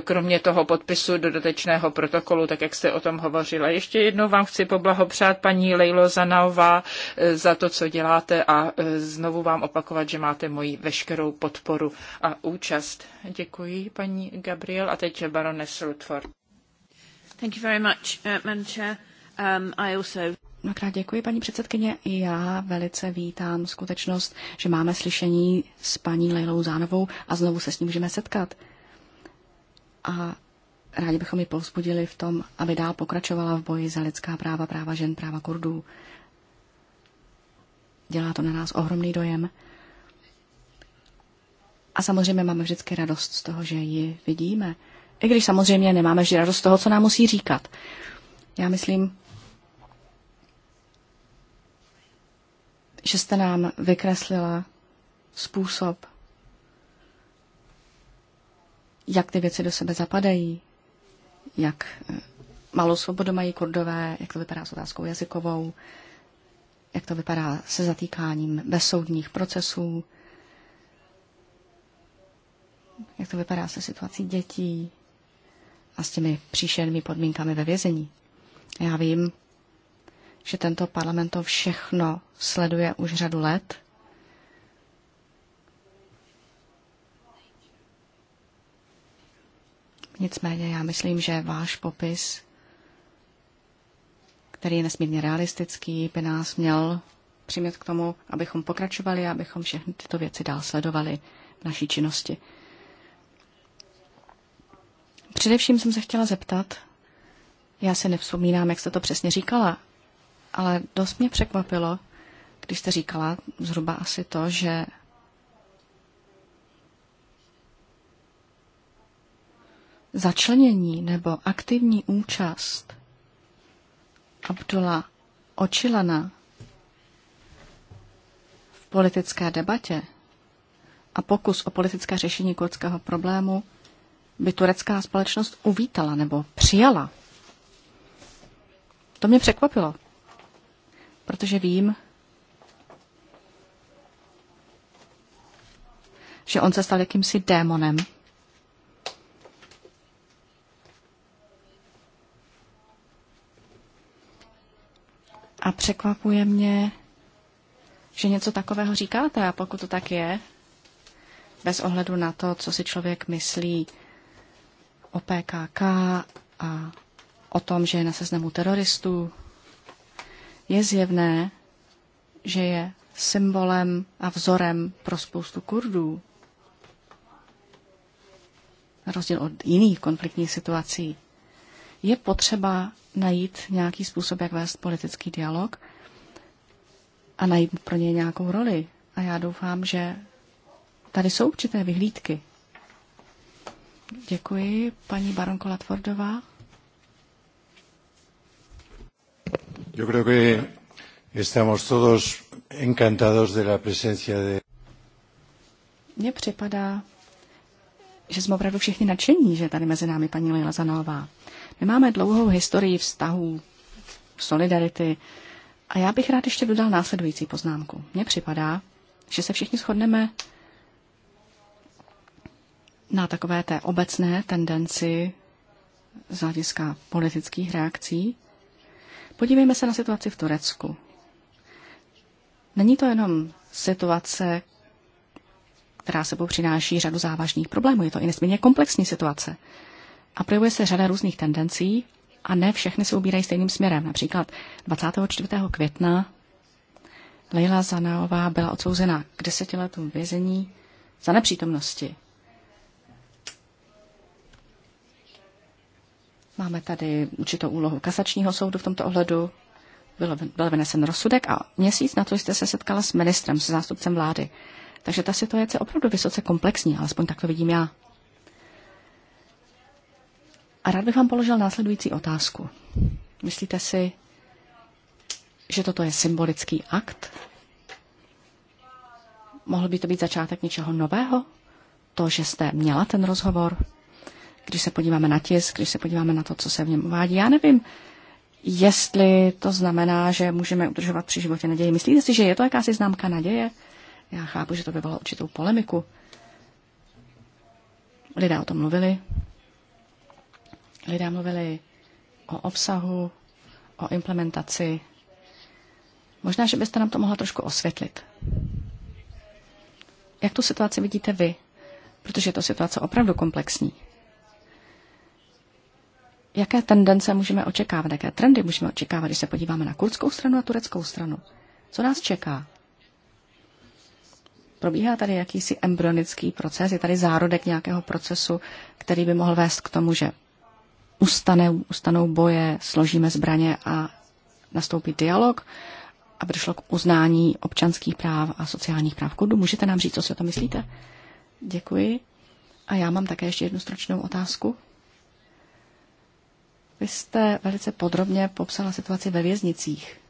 kromě toho podpisu dodatečného protokolu, tak jak jste o tom hovořila. Ještě jednou vám chci poblahopřát paní Lejlo Zanaová za to, co děláte a znovu vám opakovat, že máte moji veškerou podporu a účast. Děkuji, paní Gabriel, a teď baroness Rutford. Thank you very much, uh, um, Mnohokrát děkuji, paní předsedkyně. Já velice vítám skutečnost, že máme slyšení s paní Lejlou Zánovou a znovu se s ní můžeme setkat. A rádi bychom ji povzbudili v tom, aby dál pokračovala v boji za lidská práva, práva žen, práva kurdů. Dělá to na nás ohromný dojem. A samozřejmě máme vždycky radost z toho, že ji vidíme i když samozřejmě nemáme vždy radost z toho, co nám musí říkat. Já myslím, že jste nám vykreslila způsob, jak ty věci do sebe zapadají, jak eh, malou svobodu mají kurdové, jak to vypadá s otázkou jazykovou, jak to vypadá se zatýkáním bezsoudních procesů, jak to vypadá se situací dětí, a s těmi příšernými podmínkami ve vězení. Já vím, že tento parlament to všechno sleduje už řadu let. Nicméně já myslím, že váš popis, který je nesmírně realistický, by nás měl přimět k tomu, abychom pokračovali a abychom všechny tyto věci dál sledovali v naší činnosti. Především jsem se chtěla zeptat, já se nevzpomínám, jak jste to přesně říkala, ale dost mě překvapilo, když jste říkala zhruba asi to, že začlenění nebo aktivní účast Abdula Očilana v politické debatě a pokus o politické řešení kurdského problému by turecká společnost uvítala nebo přijala. To mě překvapilo, protože vím, že on se stal jakýmsi démonem. A překvapuje mě, že něco takového říkáte a pokud to tak je, bez ohledu na to, co si člověk myslí o PKK a o tom, že je na seznamu teroristů, je zjevné, že je symbolem a vzorem pro spoustu Kurdů. Na rozdíl od jiných konfliktních situací. Je potřeba najít nějaký způsob, jak vést politický dialog a najít pro něj nějakou roli. A já doufám, že tady jsou určité vyhlídky. Děkuji. Paní baronko Latvordová. Yo creo que estamos todos encantados de la presencia de... Mně připadá, že jsme opravdu všichni nadšení, že tady mezi námi paní Leila Zanová. My máme dlouhou historii vztahů, solidarity a já bych rád ještě dodal následující poznámku. Mně připadá, že se všichni shodneme na takové té obecné tendenci z hlediska politických reakcí. Podívejme se na situaci v Turecku. Není to jenom situace, která sebou přináší řadu závažných problémů. Je to i nesmírně komplexní situace. A projevuje se řada různých tendencí a ne všechny se ubírají stejným směrem. Například 24. května Leila Zanaová byla odsouzena k deseti letům vězení za nepřítomnosti. Máme tady určitou úlohu kasačního soudu v tomto ohledu. Byl, byl vynesen rozsudek a měsíc na to jste se setkala s ministrem, s zástupcem vlády. Takže ta situace je opravdu vysoce komplexní, alespoň tak to vidím já. A rád bych vám položil následující otázku. Myslíte si, že toto je symbolický akt? Mohl by to být začátek něčeho nového? To, že jste měla ten rozhovor? když se podíváme na tisk, když se podíváme na to, co se v něm uvádí. Já nevím, jestli to znamená, že můžeme udržovat při životě naději. Myslíte si, že je to jakási známka naděje? Já chápu, že to bylo určitou polemiku. Lidé o tom mluvili. Lidé mluvili o obsahu, o implementaci. Možná, že byste nám to mohla trošku osvětlit. Jak tu situaci vidíte vy? Protože je to situace opravdu komplexní. Jaké tendence můžeme očekávat, jaké trendy můžeme očekávat, když se podíváme na kurdskou stranu a tureckou stranu? Co nás čeká? Probíhá tady jakýsi embryonický proces, je tady zárodek nějakého procesu, který by mohl vést k tomu, že ustane, ustanou boje, složíme zbraně a nastoupí dialog a došlo k uznání občanských práv a sociálních práv Kurdu. Můžete nám říct, co si o tom myslíte? Děkuji. A já mám také ještě jednu stročnou otázku. Vy jste velice podrobně popsala situaci ve věznicích,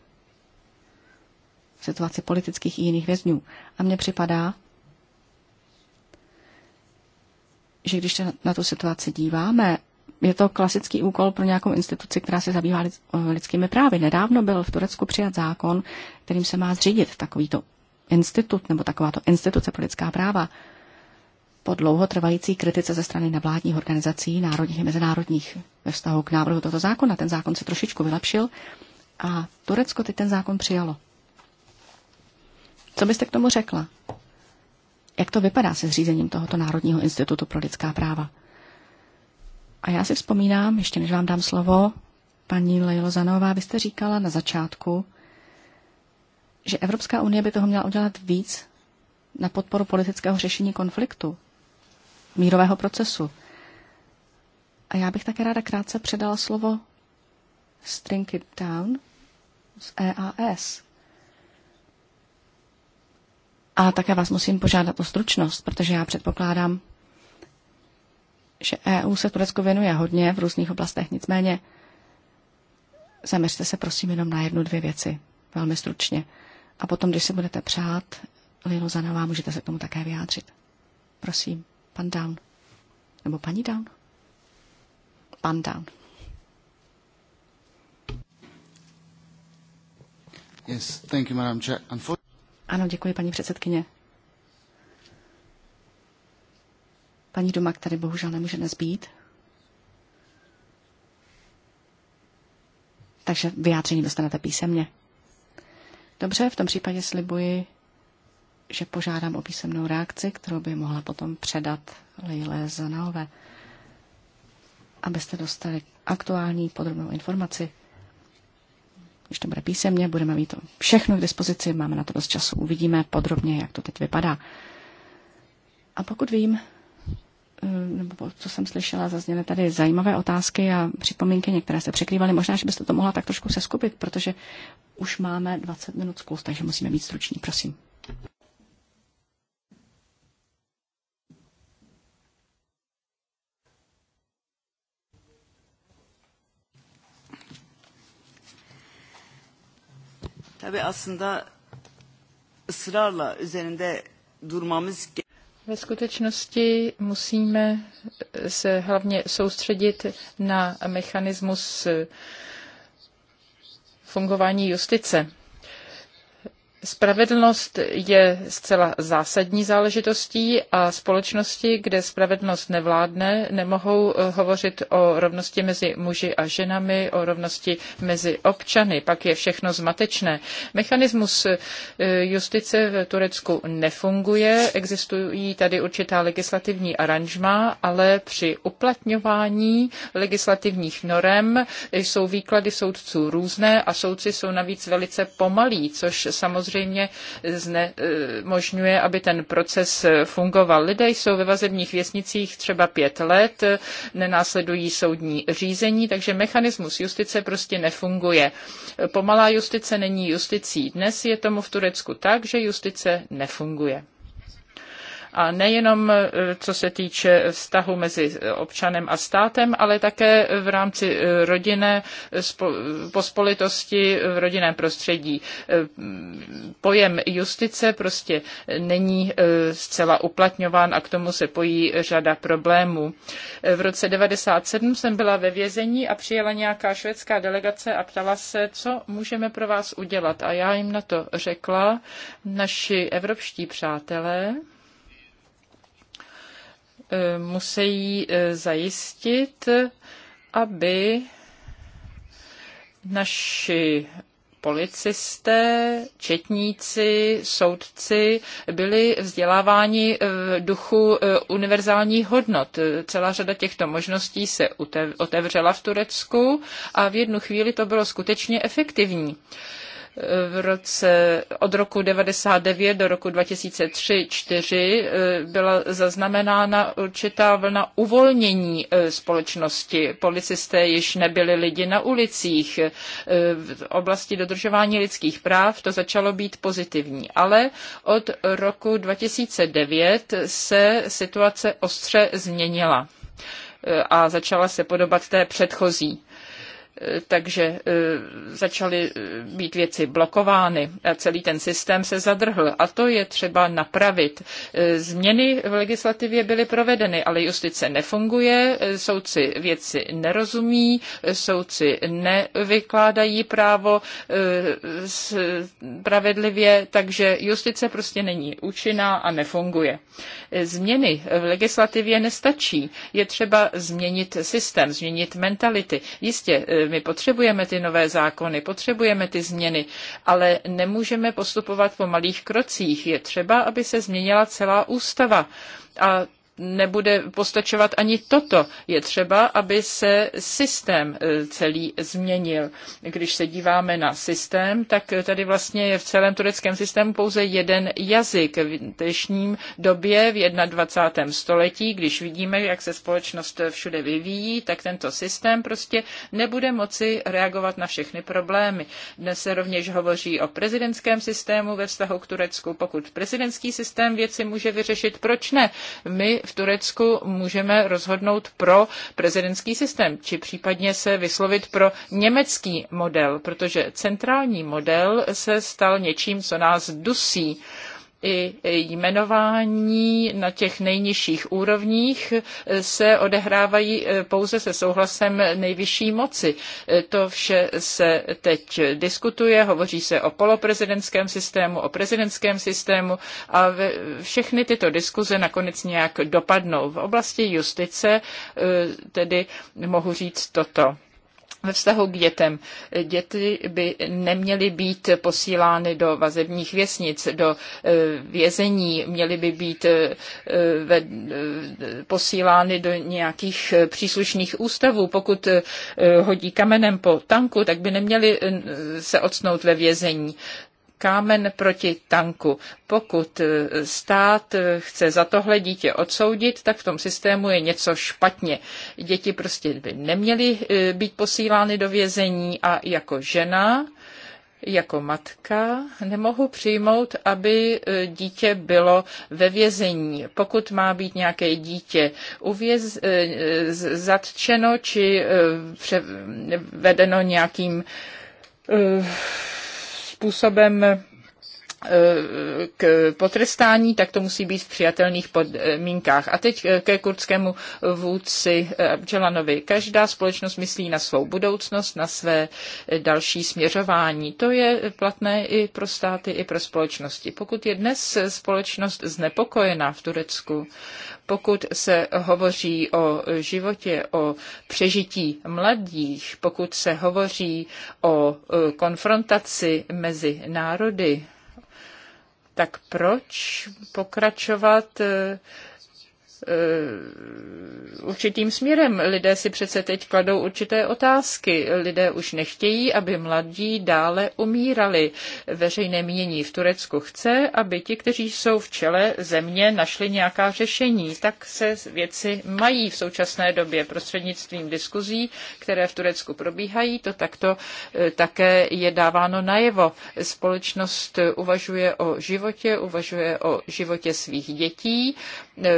situaci politických i jiných vězňů. A mně připadá, že když se na tu situaci díváme, je to klasický úkol pro nějakou instituci, která se zabývá lidskými právy. Nedávno byl v Turecku přijat zákon, kterým se má zřídit takovýto institut nebo takováto instituce pro lidská práva po dlouhotrvající kritice ze strany nevládních organizací, národních i mezinárodních, ve vztahu k návrhu tohoto zákona. Ten zákon se trošičku vylepšil a Turecko teď ten zákon přijalo. Co byste k tomu řekla? Jak to vypadá se zřízením tohoto Národního institutu pro lidská práva? A já si vzpomínám, ještě než vám dám slovo, paní Lejlozanová, vy jste říkala na začátku, že Evropská unie by toho měla udělat víc na podporu politického řešení konfliktu mírového procesu. A já bych také ráda krátce předala slovo It Down z EAS. A také vás musím požádat o stručnost, protože já předpokládám, že EU se Turecku věnuje hodně v různých oblastech, nicméně zaměřte se prosím jenom na jednu, dvě věci, velmi stručně. A potom, když se budete přát, Lino Zanová, můžete se k tomu také vyjádřit. Prosím. Pan Down. Nebo paní Down? Pan Down. Yes, thank you, Madam Chair. Ano, děkuji, paní předsedkyně. Paní Domak tady bohužel nemůže dnes být. Takže vyjádření dostanete písemně. Dobře, v tom případě slibuji, že požádám o písemnou reakci, kterou by mohla potom předat Lejle Zanalve, abyste dostali aktuální podrobnou informaci. Když to bude písemně, budeme mít to všechno k dispozici, máme na to dost času, uvidíme podrobně, jak to teď vypadá. A pokud vím, eh, nebo co jsem slyšela, zazněly tady zajímavé otázky a připomínky, některé se překrývaly. Možná, že byste to mohla tak trošku seskupit, protože už máme 20 minut zkus, takže musíme být struční, prosím. tabii aslında ısrarla üzerinde durmamız ve skutečnosti musíme se hlavně soustředit na mechanismus eh, fungování justice. Spravedlnost je zcela zásadní záležitostí a společnosti, kde spravedlnost nevládne, nemohou eh, hovořit o rovnosti mezi muži a ženami, o rovnosti mezi občany. Pak je všechno zmatečné. Mechanismus eh, justice v Turecku nefunguje, existují tady určitá legislativní aranžma, ale při uplatňování legislativních norem jsou výklady soudců různé a soudci jsou navíc velice pomalí, což samozřejmě samozřejmě znemožňuje, eh, aby ten proces eh, fungoval. Lidé jsou ve vazebních věznicích třeba pět let, eh, nenásledují soudní řízení, takže mechanismus justice prostě nefunguje. Pomalá justice není justicí. Dnes je tomu v Turecku tak, že justice nefunguje. A nejenom e, co se týče vztahu mezi občanem a státem, ale také v rámci e, rodinné pospolitosti e, v rodinném prostředí. Pojem justice prostě není zcela uplatňován a k tomu se pojí řada problémů. V roce 1997 jsem byla ve vězení a přijela nějaká švédská delegace a ptala se, co můžeme pro vás udělat. A já jim na to řekla, naši evropští přátelé, E, musí e, zajistit, aby naši policisté, četníci, soudci byli vzděláváni v duchu e, univerzálních hodnot. Celá řada těchto možností se otevřela v Turecku a v jednu chvíli to bylo skutečně efektivní v roce, od roku 99 do roku 2003-2004 e, byla zaznamenána určitá vlna uvolnění e, společnosti. Policisté již nebyli lidi na ulicích. E, v oblasti dodržování lidských práv to začalo být pozitivní. Ale od roku 2009 se situace ostře změnila a začala se podobat té předchozí takže e, začaly e, být věci blokovány a celý ten systém se zadrhl. A to je třeba napravit. E, změny v legislativě byly provedeny, ale justice nefunguje, soudci věci nerozumí, soudci nevykládají právo spravedlivě, takže justice prostě není účinná a nefunguje. Změny v legislativě nestačí. Je třeba změnit systém, změnit mentality. Jistě my potřebujeme ty nové zákony, potřebujeme ty změny, ale nemůžeme postupovat po malých krocích. Je třeba, aby se změnila celá ústava. A nebude postačovat ani toto. Je třeba, aby se systém e, celý změnil. Když se díváme na systém, tak tady vlastně je v celém tureckém systému pouze jeden jazyk. V dnešním době, v 21. století, když vidíme, jak se společnost všude vyvíjí, tak tento systém prostě nebude moci reagovat na všechny problémy. Dnes se rovněž hovoří o prezidentském systému ve vztahu k Turecku. Pokud prezidentský systém věci může vyřešit, proč ne? My v Turecku můžeme rozhodnout pro prezidentský systém, či případně se vyslovit pro německý model, protože centrální model se stal něčím, co nás dusí i jmenování na těch nejnižších úrovních se odehrávají e, pouze se souhlasem nejvyšší moci. E, to vše se teď diskutuje, hovoří se o poloprezidentském systému, o prezidentském systému a všechny tyto diskuze nakonec nějak dopadnou. V oblasti justice e, tedy mohu říct toto ve vztahu k dětem. Děti by neměly být posílány do vazebních věznic, do eh, vězení, měly by být eh, eh, posílány do nějakých příslušných ústavů. Pokud hodí kamenem po tanku, tak by neměly se odsnout ve vězení kámen proti tanku. Pokud e, stát e, chce za tohle dítě odsoudit, tak v tom systému je něco špatně. Děti prostě by neměly e, být posílány do vězení a jako žena jako matka nemohu přijmout, aby dítě bylo ve vězení. Pokud má být nějaké dítě uvěz, zatčeno či vedeno nějakým způsobem eh, k potrestání, tak to musí být v přijatelných podmínkách. A teď eh, ke kurdskému vůdci eh, Abdželanovi. Každá společnost myslí na svou budoucnost, na své další směřování. To je platné i pro státy, i pro společnosti. Pokud je dnes společnost znepokojená v Turecku pokud se hovoří o životě, o přežití mladých, pokud se hovoří o e, konfrontaci mezi národy, tak proč pokračovat e, Eh, určitým směrem. Lidé si přece teď kladou určité otázky. Lidé už nechtějí, aby mladí dále umírali. Veřejné mínění v Turecku chce, aby ti, kteří jsou v čele země, našli nějaká řešení. Tak se věci mají v současné době prostřednictvím diskuzí, které v Turecku probíhají. To takto eh, také je dáváno najevo. Společnost uvažuje o životě, uvažuje o životě svých dětí eh,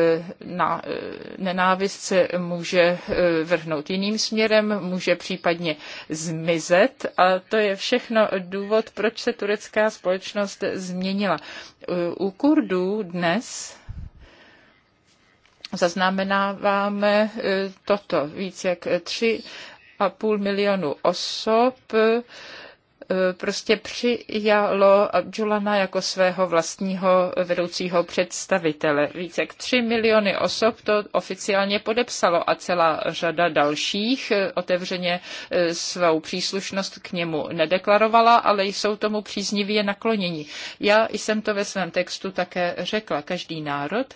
na eh, nenávist se může eh, vrhnout jiným směrem, může případně zmizet a to je všechno důvod, proč se turecká společnost změnila. Eh, u Kurdů dnes zaznamenáváme toto. Víc jak tři a půl milionu osob Eh, prostě přijalo Abdulana jako svého vlastního vedoucího představitele. Více jak 3 miliony osob to oficiálně podepsalo a celá řada dalších eh, otevřeně eh, svou příslušnost k němu nedeklarovala, ale jsou tomu příznivě nakloněni. Já jsem to ve svém textu také řekla. Každý národ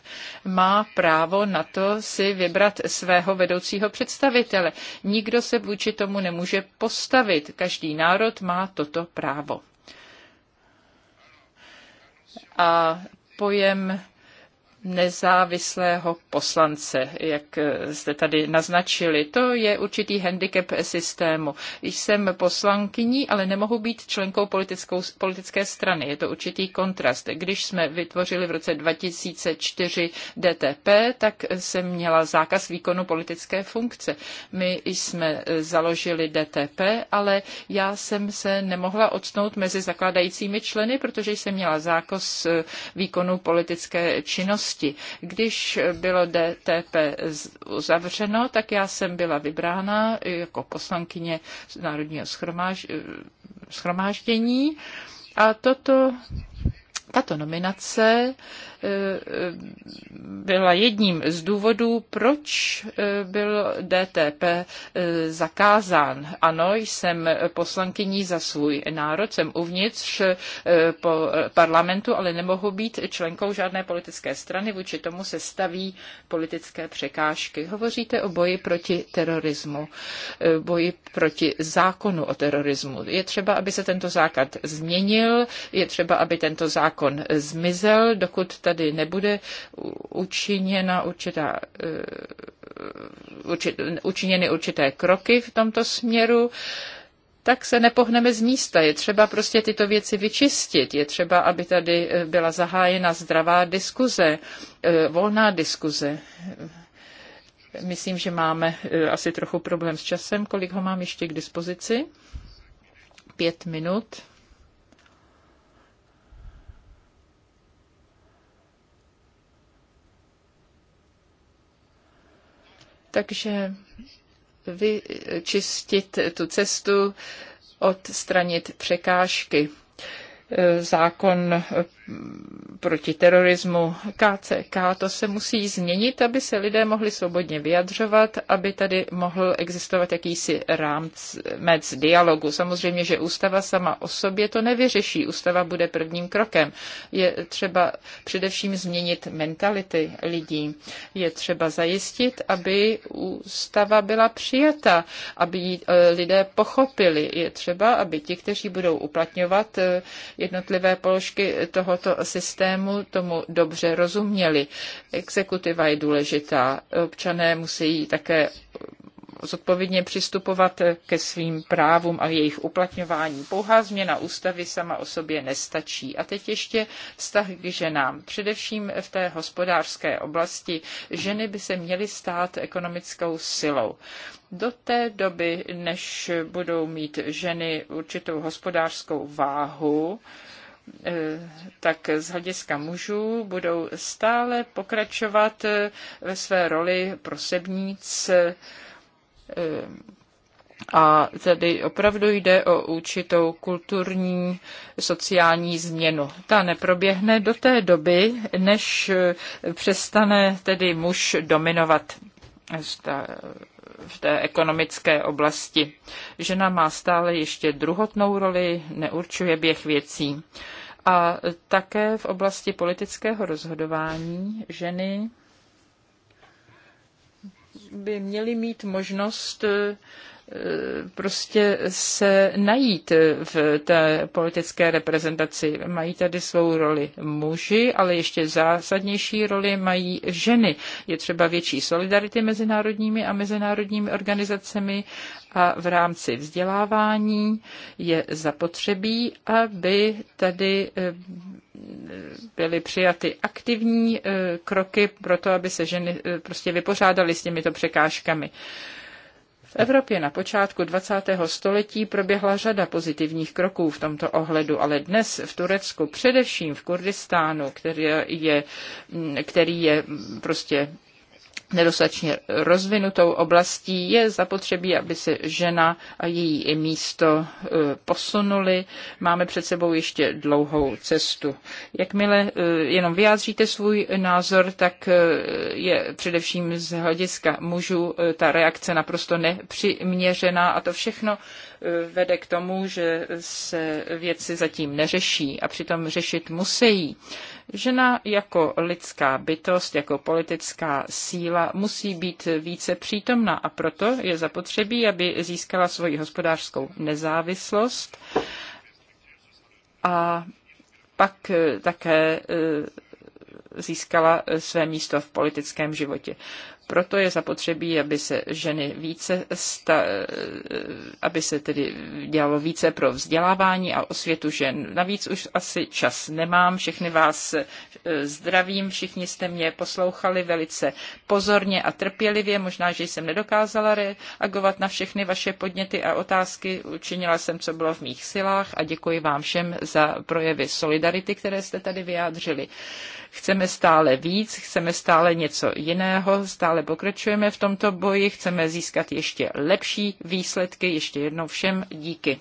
má právo na to si vybrat svého vedoucího představitele. Nikdo se vůči tomu nemůže postavit. Každý národ má to toto právo. A pojem nezávislého poslance, jak eh, jste tady naznačili. To je určitý handicap systému. Jsem poslankyní, ale nemohu být členkou politickou, politické strany. Je to určitý kontrast. Když jsme vytvořili v roce 2004 DTP, tak jsem měla zákaz výkonu politické funkce. My jsme eh, založili DTP, ale já jsem se nemohla odstnout mezi zakladajícími členy, protože jsem měla zákaz eh, výkonu politické činnosti minulosti. Když bylo DTP uzavřeno, tak já jsem byla vybrána jako poslankyně Národního schromáž, schromáždění a toto, tato nominace byla jedním z důvodů, proč eh, byl DTP eh, zakázán. Ano, jsem poslankyní za svůj národ, jsem uvnitř eh, parlamentu, ale nemohu být členkou žádné politické strany, vůči tomu se staví politické překážky. Hovoříte o boji proti terorismu, boji proti zákonu o terorismu. Je třeba, aby se tento zákon změnil, je třeba, aby tento zákon zmizel, dokud ten tady nebude učiněna určitá eh, učiněny určité kroky v tomto směru, tak se nepohneme z místa. Je třeba prostě tyto věci vyčistit. Je třeba, aby tady eh, byla zahájena zdravá diskuze, eh, volná diskuze. Myslím, že máme asi trochu problém s časem. Kolik ho mám ještě k dispozici? Pět minut. Takže vyčistit tu cestu, odstranit překážky. Zákon proti terorismu, KCK, to se musí změnit, aby se lidé mohli svobodně vyjadřovat, aby tady mohl existovat jakýsi rámec dialogu. Samozřejmě, že ústava sama o sobě to nevyřeší. Ústava bude prvním krokem. Je třeba především změnit mentality lidí. Je třeba zajistit, aby ústava byla přijata, aby ji e, lidé pochopili. Je třeba, aby ti, kteří budou uplatňovat e, jednotlivé položky toho tohoto systému tomu dobře rozuměli. Exekutiva je důležitá. Občané musí také zodpovědně přistupovat ke svým právům a jejich uplatňování. Pouhá změna ústavy sama o sobě nestačí. A teď ještě vztah k ženám. Především v té hospodářské oblasti ženy by se měly stát ekonomickou silou. Do té doby, než budou mít ženy určitou hospodářskou váhu, Eh, tak z hlediska mužů budou stále pokračovat eh, ve své roli prosebníc eh, a tedy opravdu jde o určitou kulturní sociální změnu. Ta neproběhne do té doby, než přestane tedy muž dominovat v té ekonomické oblasti. Žena má stále ještě druhotnou roli, neurčuje běh věcí. A také v oblasti politického rozhodování ženy by měly mít možnost prostě se najít v té politické reprezentaci. Mají tady svou roli muži, ale ještě zásadnější roli mají ženy. Je třeba větší solidarity mezinárodními a mezinárodními organizacemi a v rámci vzdělávání je zapotřebí, aby tady eh, byly přijaty aktivní eh, kroky pro to, aby se ženy eh, prostě vypořádaly s těmito překážkami. V Evropě na počátku 20. století proběhla řada pozitivních kroků v tomto ohledu, ale dnes v Turecku, především v Kurdistánu, který je, který je prostě nedostatečně rozvinutou oblastí, je zapotřebí, aby se žena a její místo e, posunuli. Máme před sebou ještě dlouhou cestu. Jakmile e, jenom vyjádříte svůj názor, tak e, je především z hlediska mužů ta reakce naprosto nepřiměřená a to všechno vede k tomu, že se věci zatím neřeší a přitom řešit musí. Žena jako lidská bytost, jako politická síla musí být více přítomná a proto je zapotřebí, aby získala svoji hospodářskou nezávislost a pak také eh, získala své místo v politickém životě. Proto je zapotřebí, aby se ženy více, sta, aby se tedy dělalo více pro vzdělávání a osvětu žen. Navíc už asi čas nemám. Všechny vás eh, zdravím, všichni jste mě poslouchali velice pozorně a trpělivě. Možná, že jsem nedokázala reagovat na všechny vaše podněty a otázky. Učinila jsem, co bylo v mých silách a děkuji vám všem za projevy solidarity, které jste tady vyjádřili. Chceme stále víc, chceme stále něco jiného, stále stále pokračujeme v tomto boji, chceme získat ještě lepší výsledky. Ještě jednou všem díky.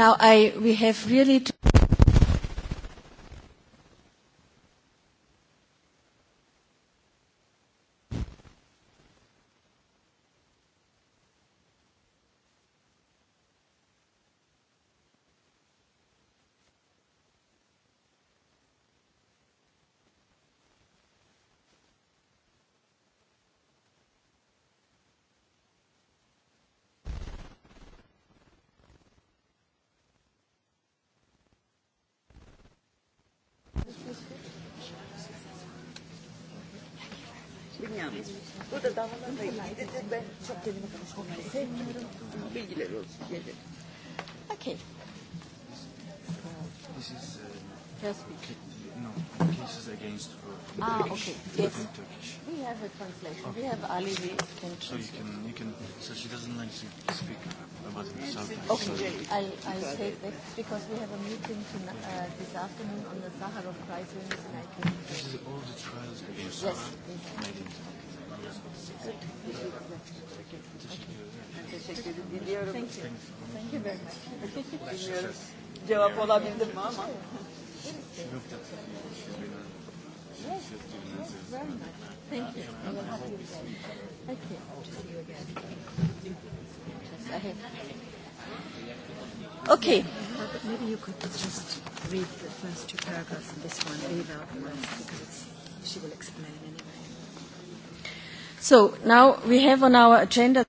now I, we have really to Sappiamo che sono al centro, quindi le lo chiede. This is uh, Just no cases against her. Ah, Turkish, okay. Yes. Turkish. We have a translation. Okay. We have Ali. We can So you can, you can. So she doesn't like to speak about herself. Okay. So I I say that because we have a meeting to, uh, this afternoon on the Sakharov Prize winners, This is all the trials against yes. her. Yes. Made in Turkey. Thank you. Thank you very much. Thank you. Okay. Maybe you could just read the first two paragraphs of this one, leave out the rest, because it's, she will explain it. So now we have on our agenda...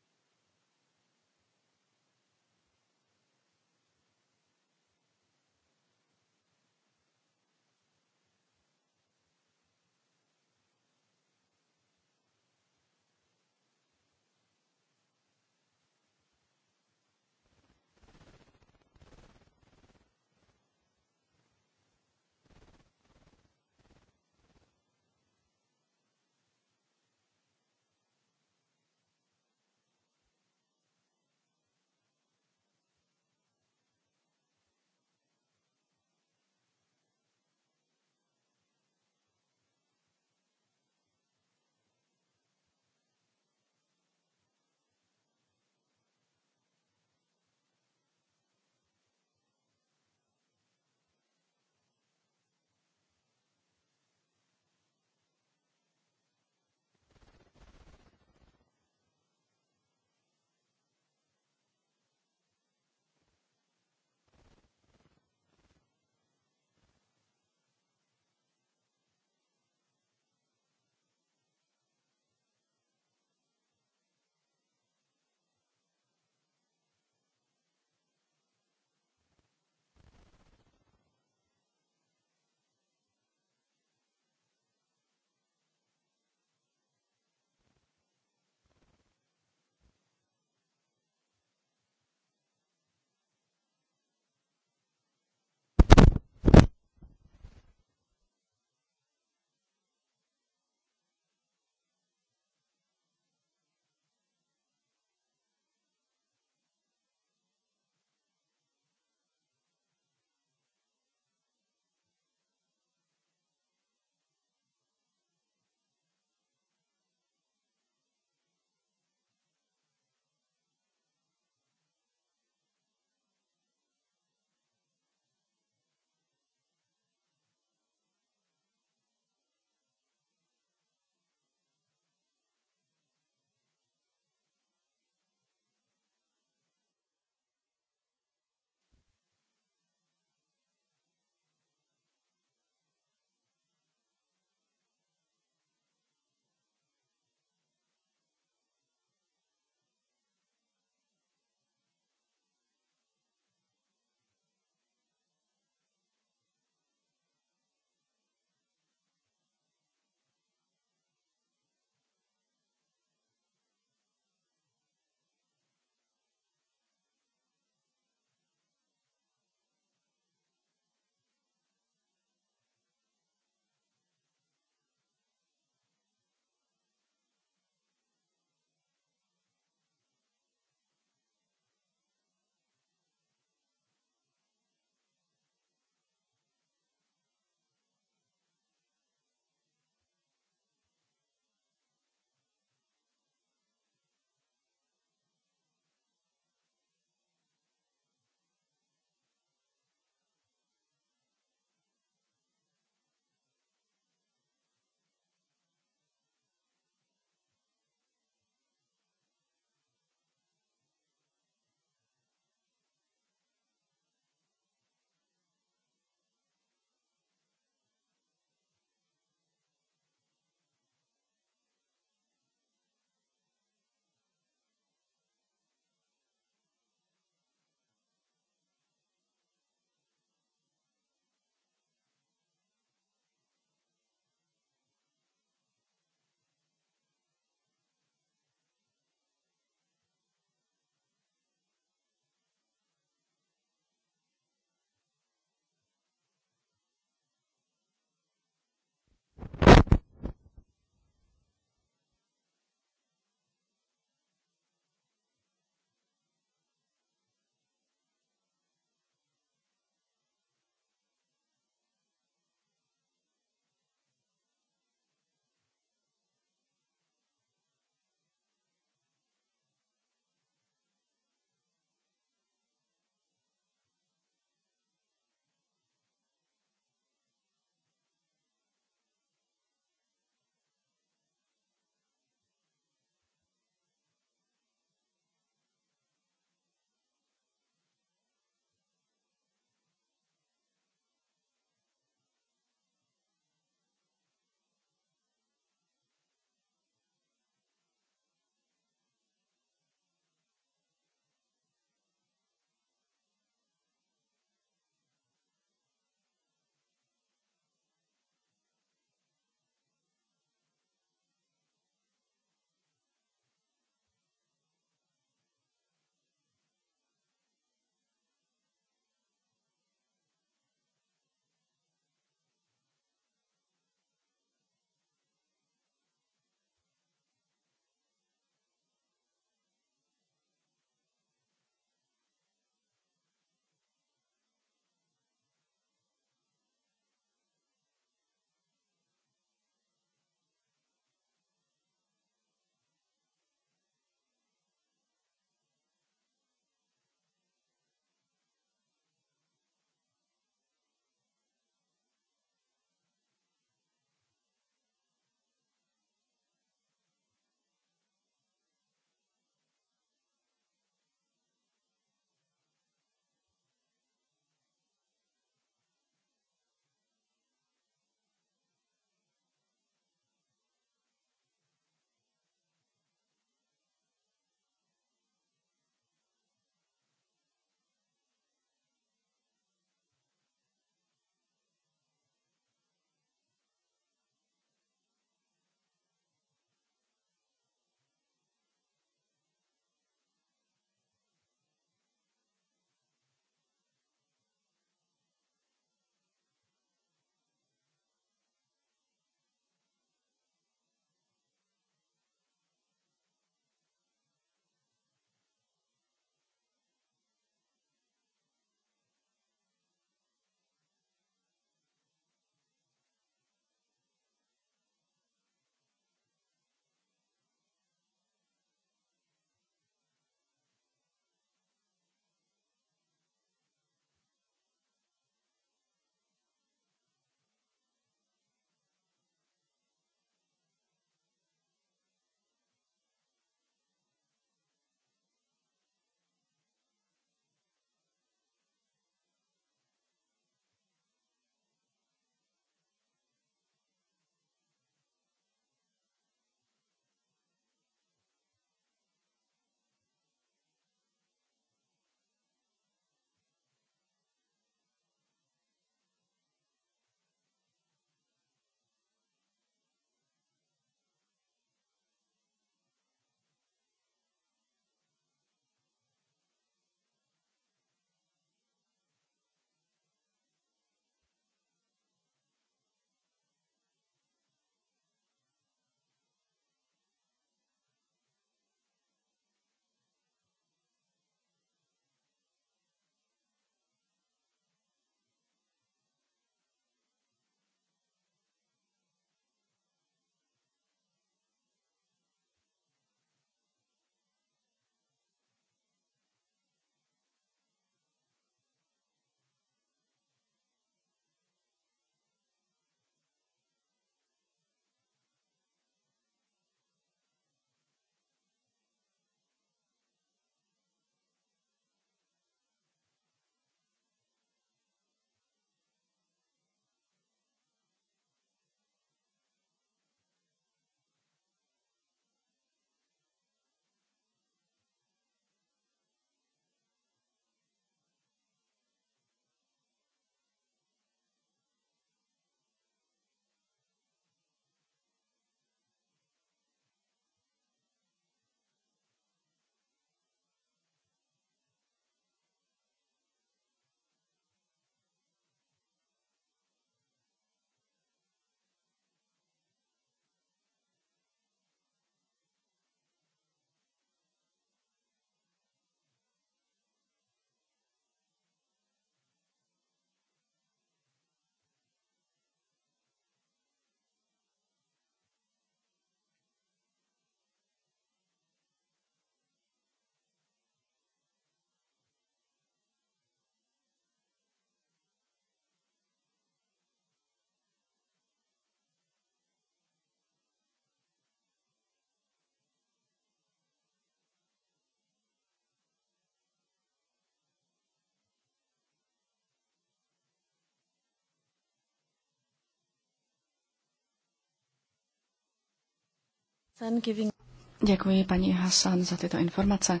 Děkuji paní Hasan za tyto informace.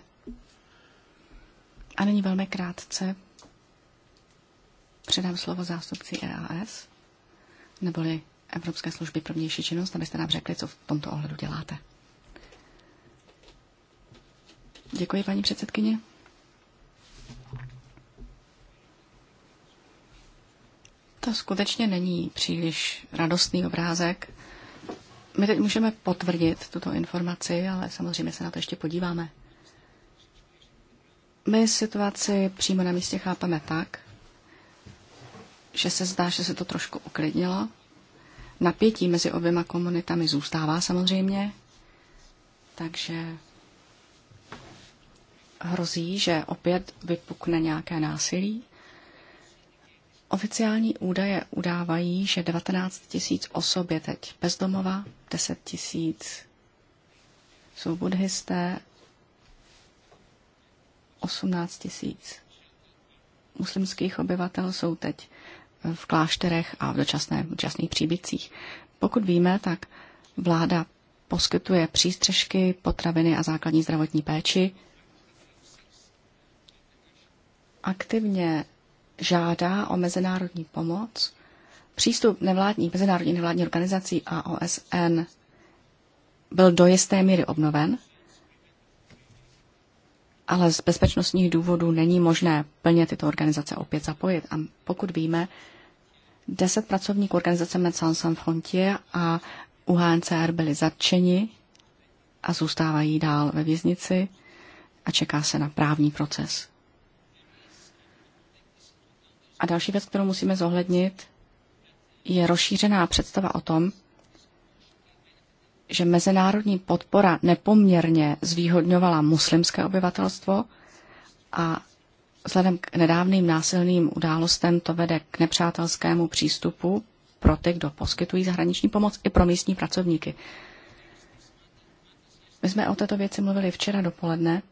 A nyní velmi krátce předám slovo zástupci EAS, neboli Evropské služby pro vnější činnost, abyste nám řekli, co v tomto ohledu děláte. Děkuji, paní předsedkyně. To skutečně není příliš radostný obrázek, my teď můžeme potvrdit tuto informaci, ale samozřejmě se na to ještě podíváme. My situaci přímo na místě chápeme tak, že se zdá, že se to trošku uklidnilo. Napětí mezi oběma komunitami zůstává samozřejmě, takže hrozí, že opět vypukne nějaké násilí. Oficiální údaje udávají, že 19 tisíc osob je teď bezdomova, 10 tisíc jsou buddhisté, 18 tisíc muslimských obyvatel jsou teď v klášterech a v dočasných příbytcích. Pokud víme, tak vláda poskytuje přístřežky, potraviny a základní zdravotní péči. Aktivně žádá o mezinárodní pomoc, přístup nevládní, mezinárodní nevládní organizací a OSN byl do jisté míry obnoven, ale z bezpečnostních důvodů není možné plně tyto organizace opět zapojit. A pokud víme, deset pracovníků organizace Médecins Sans Frontier a UHNCR byli zatčeni a zůstávají dál ve věznici a čeká se na právní proces. A další věc, kterou musíme zohlednit, je rozšířená představa o tom, že mezinárodní podpora nepoměrně zvýhodňovala muslimské obyvatelstvo a vzhledem k nedávným násilným událostem to vede k nepřátelskému přístupu pro ty, kdo poskytují zahraniční pomoc i pro místní pracovníky. My jsme o této věci mluvili včera dopoledne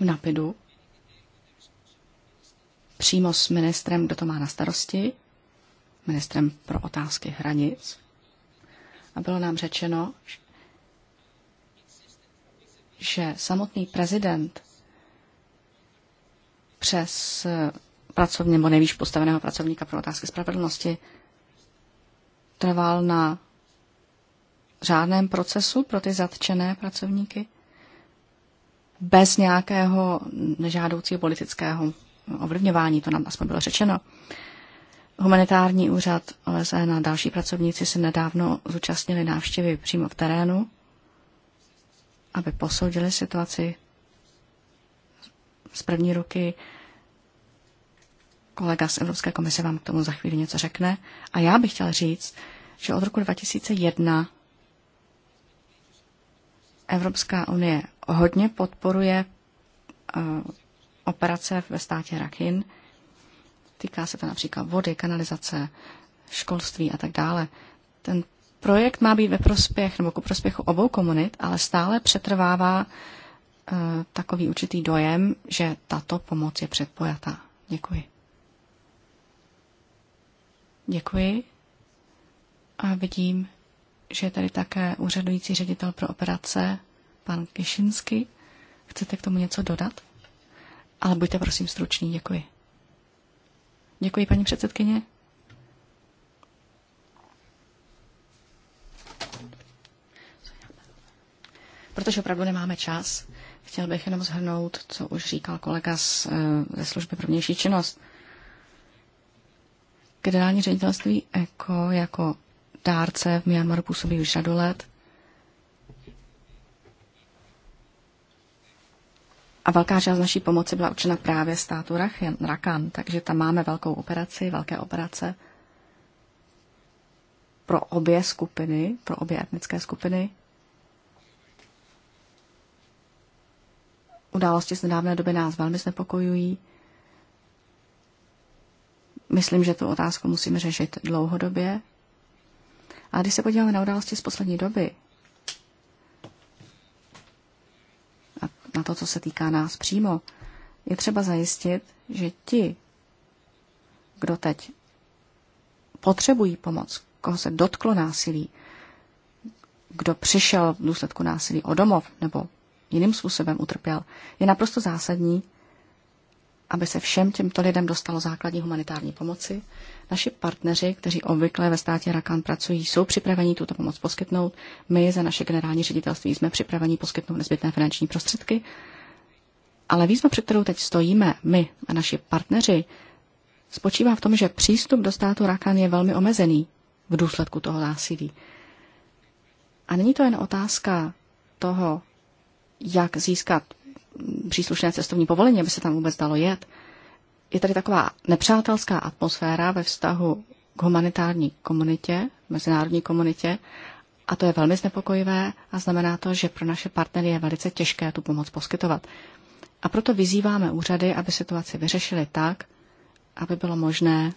v Napidu přímo s ministrem, kdo to má na starosti, ministrem pro otázky hranic. A bylo nám řečeno, že samotný prezident přes pracovně nebo nejvíc postaveného pracovníka pro otázky spravedlnosti trval na řádném procesu pro ty zatčené pracovníky bez nějakého nežádoucího politického ovlivňování, to nám aspoň bylo řečeno. Humanitární úřad OSN e a další pracovníci se nedávno zúčastnili návštěvy přímo v terénu, aby posoudili situaci z první ruky. Kolega z Evropské komise vám k tomu za chvíli něco řekne. A já bych chtěl říct, že od roku 2001 Evropská unie hodně podporuje eh, operace ve státě Rakhin. Týká se to například vody, kanalizace, školství a tak dále. Ten projekt má být ve prospěch nebo ku prospěchu obou komunit, ale stále přetrvává e, takový určitý dojem, že tato pomoc je předpojatá. Děkuji. Děkuji. A vidím, že je tady také úřadující ředitel pro operace, pan Kišinsky. Chcete k tomu něco dodat? ale buďte prosím struční. Děkuji. Děkuji, paní předsedkyně. Protože opravdu nemáme čas, chtěl bych jenom zhrnout, co už říkal kolega z, eh, ze služby pro vnější činnost. Generální ředitelství ECO jako dárce v Myanmaru působí už řadu let A velká část naší pomoci byla určena právě státu Rakan, takže tam máme velkou operaci, velké operace pro obě skupiny, pro obě etnické skupiny. Události z nedávné doby nás velmi znepokojují. Myslím, že tu otázku musíme řešit dlouhodobě. A když se podíváme na události z poslední doby, na to, co se týká nás přímo, je třeba zajistit, že ti, kdo teď potřebují pomoc, koho se dotklo násilí, kdo přišel v důsledku násilí o domov nebo jiným způsobem utrpěl, je naprosto zásadní, aby se všem těmto lidem dostalo základní humanitární pomoci. Naši partneři, kteří obvykle ve státě Rakán pracují, jsou připraveni tuto pomoc poskytnout. My za naše generální ředitelství jsme připraveni poskytnout nezbytné finanční prostředky. Ale výzva, před kterou teď stojíme my a naši partneři, spočívá v tom, že přístup do státu Rakán je velmi omezený v důsledku toho násilí. A není to jen otázka toho, jak získat příslušné cestovní povolení, aby se tam vůbec dalo jet. Je tady taková nepřátelská atmosféra ve vztahu k humanitární komunitě, mezinárodní komunitě, a to je velmi znepokojivé a znamená to, že pro naše partnery je velice těžké tu pomoc poskytovat. A proto vyzýváme úřady, aby situaci vyřešili tak, aby bylo možné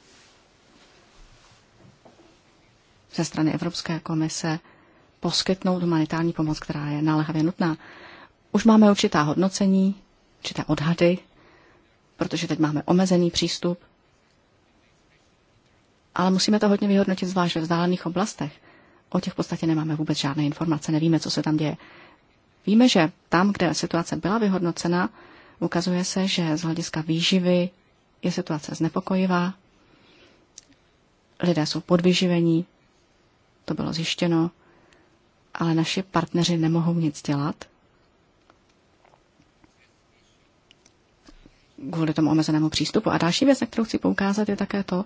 ze strany Evropské komise poskytnout humanitární pomoc, která je naléhavě nutná. Už máme určitá hodnocení, určité odhady, protože teď máme omezený přístup, ale musíme to hodně vyhodnotit, zvlášť ve vzdálených oblastech. O těch v podstatě nemáme vůbec žádné informace, nevíme, co se tam děje. Víme, že tam, kde situace byla vyhodnocena, ukazuje se, že z hlediska výživy je situace znepokojivá, lidé jsou podvyživení, to bylo zjištěno, ale naši partneři nemohou nic dělat, kvůli tomu omezenému přístupu. A další věc, na kterou chci poukázat, je také to,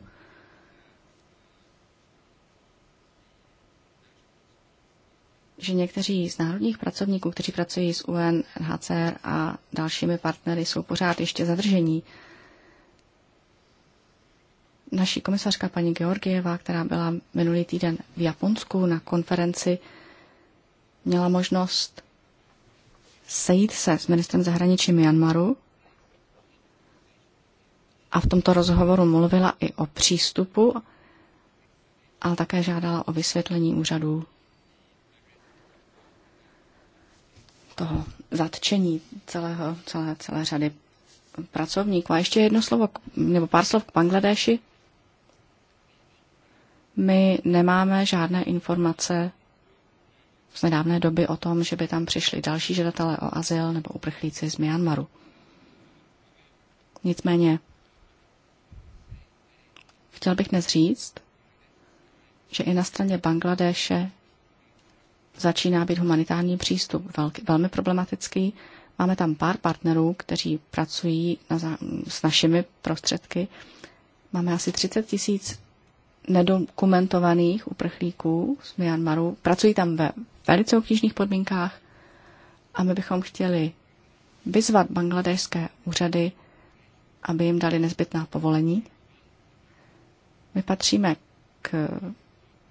že někteří z národních pracovníků, kteří pracují s UNHCR a dalšími partnery, jsou pořád ještě zadržení. Naší komisařka paní Georgieva, která byla minulý týden v Japonsku na konferenci, měla možnost sejít se s ministrem zahraničí Myanmaru a v tomto rozhovoru mluvila i o přístupu, ale také žádala o vysvětlení úřadů toho zatčení celého, celé, celé řady pracovníků. A ještě jedno slovo, nebo pár slov k Bangladeši. My nemáme žádné informace z nedávné doby o tom, že by tam přišli další žadatelé o azyl nebo uprchlíci z Myanmaru. Nicméně Chtěl bych dnes říct, že i na straně Bangladéše začíná být humanitární přístup velký, velmi problematický. Máme tam pár partnerů, kteří pracují na, s našimi prostředky. Máme asi 30 tisíc nedokumentovaných uprchlíků z Myanmaru. Pracují tam ve velice obtížných podmínkách a my bychom chtěli vyzvat bangladešské úřady, aby jim dali nezbytná povolení my patříme k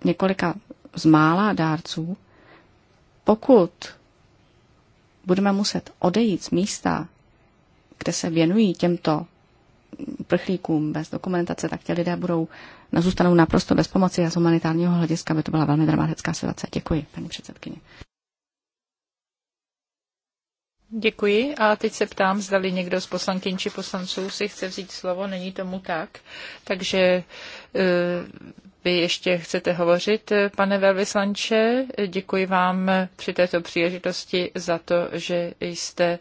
několika z mála dárců. Pokud budeme muset odejít z místa, kde se věnují těmto prchlíkům bez dokumentace, tak ti lidé budou zůstanou naprosto bez pomoci a z humanitárního hlediska by to byla velmi dramatická situace. Děkuji, paní předsedkyně. Děkuji a teď se ptám, zdali někdo z poslankyň či poslanců si chce vzít slovo, není tomu tak. Takže e, vy ještě chcete hovořit, pane velvyslanče. Děkuji vám při této příležitosti za to, že jste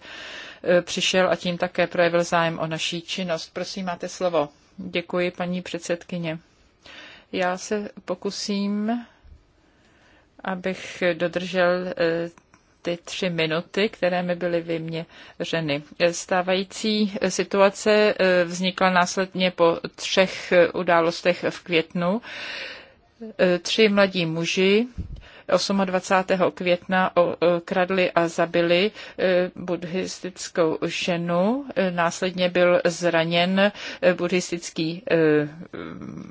e, přišel a tím také projevil zájem o naší činnost. Prosím, máte slovo. Děkuji, paní předsedkyně. Já se pokusím abych dodržel e, ty tři minuty, které mi byly vyměřeny. Stávající situace eh, vznikla následně po třech eh, událostech v květnu. Eh, tři mladí muži 28. května kradli a zabili e, buddhistickou ženu. E, následně byl zraněn e, buddhistický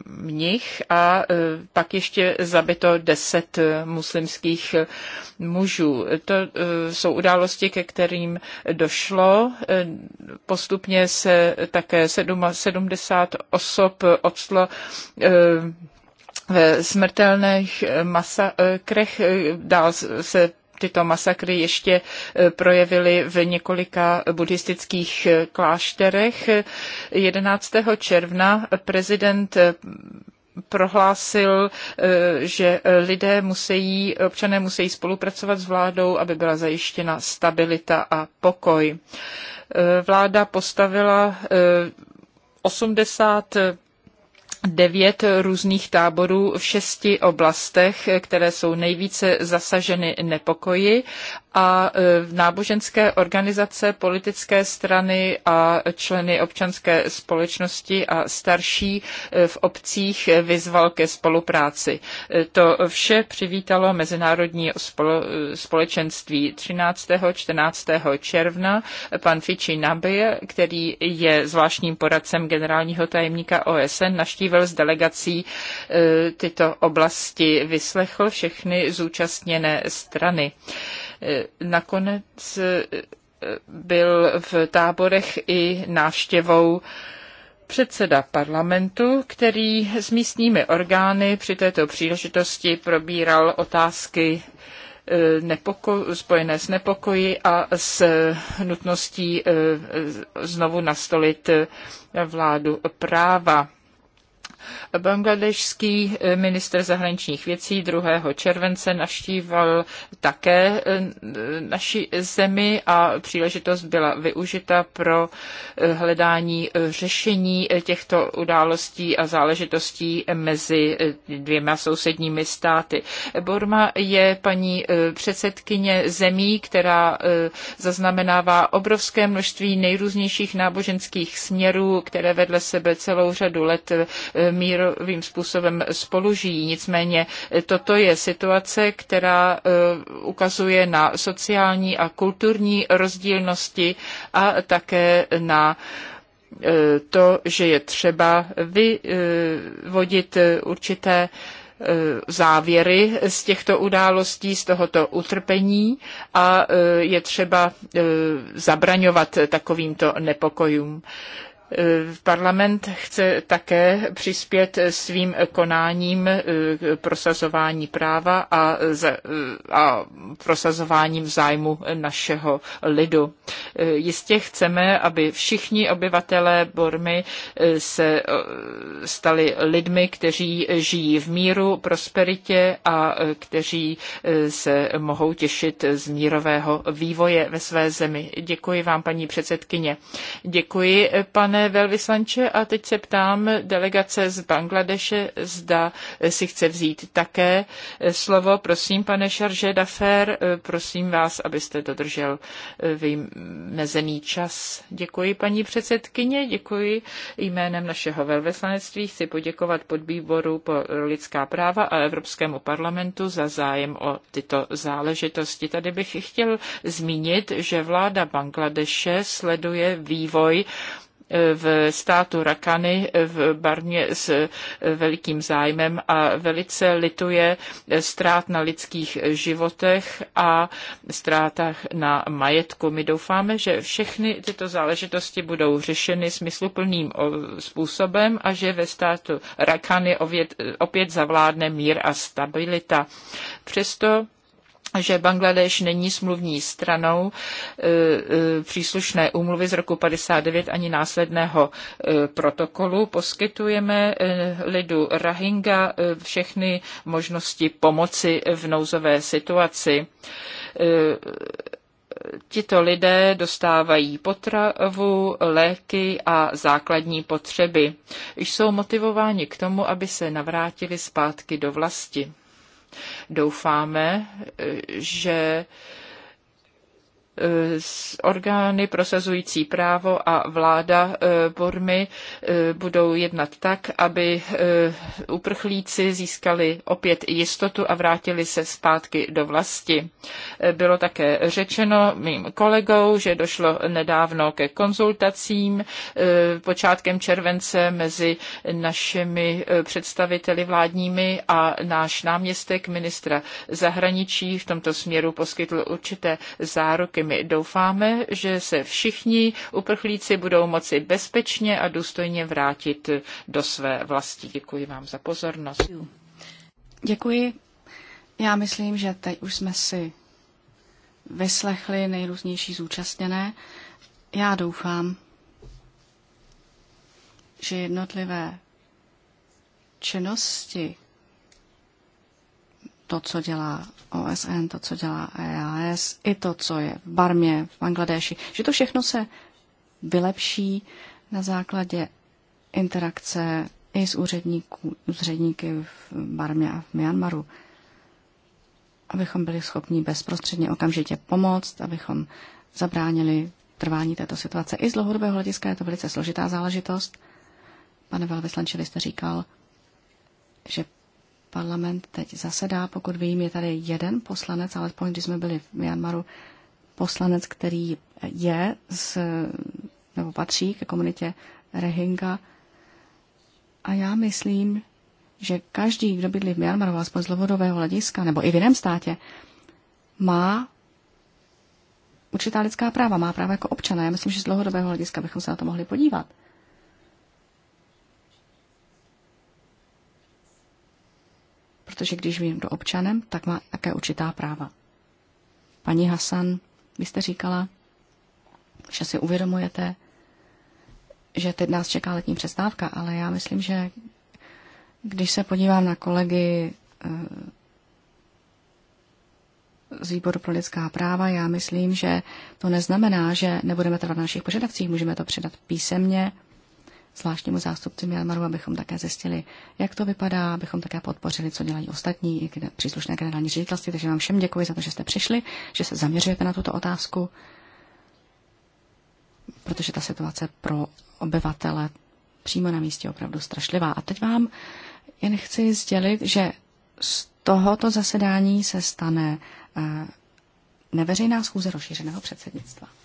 mnich a pak ještě zabito deset muslimských mužů. To jsou události, ke kterým došlo. Postupně se také 70 osob odstlo ve smrtelných eh, masakrech. Eh, dál se tyto masakry ještě eh, projevily v několika buddhistických klášterech. 11. června prezident prohlásil, že lidé musí, občané musí spolupracovat s vládou, aby byla zajištěna stabilita a pokoj. Vláda postavila 80 devět různých táborů v šesti oblastech, které jsou nejvíce zasaženy nepokoji a e, náboženské organizace, politické strany a členy občanské společnosti a starší e, v obcích vyzval ke spolupráci. E, to vše přivítalo mezinárodní společenství 13. 14. června. Pan Fiči Nabe, který je zvláštním poradcem generálního tajemníka OSN, naštívil s delegací tyto oblasti, vyslechl všechny zúčastněné strany. Eh, nakonec eh, byl v táborech i návštěvou předseda parlamentu, který s místními orgány při této příležitosti probíral otázky eh, nepoko- spojené s nepokoji a s nutností znovu nastolit vládu práva. Bangladešský eh, minister zahraničních věcí 2. července navštívil také eh, naši zemi a příležitost byla využita pro eh, hledání řešení těchto událostí a záležitostí mezi dvěma sousedními státy. Borma je paní předsedkyně zemí, která zaznamenává obrovské množství nejrůznějších náboženských směrů, které vedle sebe celou řadu let mírovým způsobem spolužijí. Nicméně toto je situace, která eh, ukazuje na sociální a kulturní rozdílnosti a také na eh, to, že je třeba vyvodit eh, určité závěry z těchto událostí, z tohoto utrpení a je třeba zabraňovat takovýmto nepokojům. Eh, parlament chce také přispět svým konáním k eh, prosazování práva a, eh, a prosazováním zájmu našeho lidu. Jistě chceme, aby všichni obyvatelé Bormy se stali lidmi, kteří žijí v míru, prosperitě a kteří se mohou těšit z mírového vývoje ve své zemi. Děkuji vám, paní předsedkyně. Děkuji, pan pane velvyslanče, a teď se ptám delegace z Bangladeše, zda si chce vzít také slovo. Prosím, pane Šarže Dafer, prosím vás, abyste dodržel vymezený čas. Děkuji, paní předsedkyně, děkuji jménem našeho velvyslanectví. Chci poděkovat podvýboru pro lidská práva a Evropskému parlamentu za zájem o tyto záležitosti. Tady bych chtěl zmínit, že vláda Bangladeše sleduje vývoj v státu Rakany v Barně s velikým zájmem a velice lituje ztrát na lidských životech a ztrátách na majetku. My doufáme, že všechny tyto záležitosti budou řešeny smysluplným způsobem a že ve státu Rakany opět zavládne mír a stabilita. Přesto že Bangladeš není smluvní stranou e, e, příslušné úmluvy z roku 59 ani následného e, protokolu. Poskytujeme lidu Rahinga všechny možnosti pomoci v nouzové situaci tito lidé dostávají potravu, léky a základní potřeby. Jsou motivováni k tomu, aby se navrátili zpátky do vlasti. Doufáme, že Eh, s orgány prosazující právo a vláda eh, Burmy eh, budou jednat tak, aby uprchlíci získali opět jistotu a vrátili se zpátky do vlasti. Bylo také řečeno mým kolegou, že došlo nedávno ke konzultacím počátkem července mezi našimi představiteli vládními a náš náměstek ministra zahraničí v tomto směru poskytl určité záruky. My doufáme, že se všichni uprchlíci budou moci bezpečně a důstojně vrátit do své vlasti. Děkuji vám za pozornost. Děkuji. Já myslím, že teď už jsme si vyslechli nejrůznější zúčastněné. Já doufám, že jednotlivé činnosti to, co dělá OSN, to, co dělá EAS, i to, co je v Barmě, v Bangladeši, že to všechno se vylepší na základě interakce i s úředníky v Barmě a v Myanmaru, abychom byli schopni bezprostředně okamžitě pomoct, abychom zabránili trvání této situace. I z dlouhodobého hlediska je to velice složitá záležitost. Pane velvyslanče, vy jste říkal, že Parlament teď zasedá, pokud vím, je tady jeden poslanec, alespoň když jsme byli v Myanmaru, poslanec, který je z, nebo patří ke komunitě Rehinga. A já myslím, že každý, kdo bydlí v Myanmaru, alespoň z lovodového hlediska, nebo i v jiném státě, má určitá lidská práva, má práva jako občana. Já myslím, že z dlouhodobého hlediska bychom se na to mohli podívat. protože když je do občanem, tak má také určitá práva. Paní Hasan, vy jste říkala, že si uvědomujete, že teď nás čeká letní přestávka, ale já myslím, že když se podívám na kolegy eh, z výboru pro lidská práva, já myslím, že to neznamená, že nebudeme trvat na našich požadavcích, můžeme to předat písemně zvláštnímu zástupci Myanmaru, abychom také zjistili, jak to vypadá, abychom také podpořili, co dělají ostatní kde, příslušné generální ředitelství. Takže vám všem děkuji za to, že jste přišli, že se zaměřujete na tuto otázku, protože ta situace pro obyvatele přímo na místě je opravdu strašlivá. A teď vám jen chci sdělit, že z tohoto zasedání se stane eh, neveřejná schůze rozšířeného předsednictva.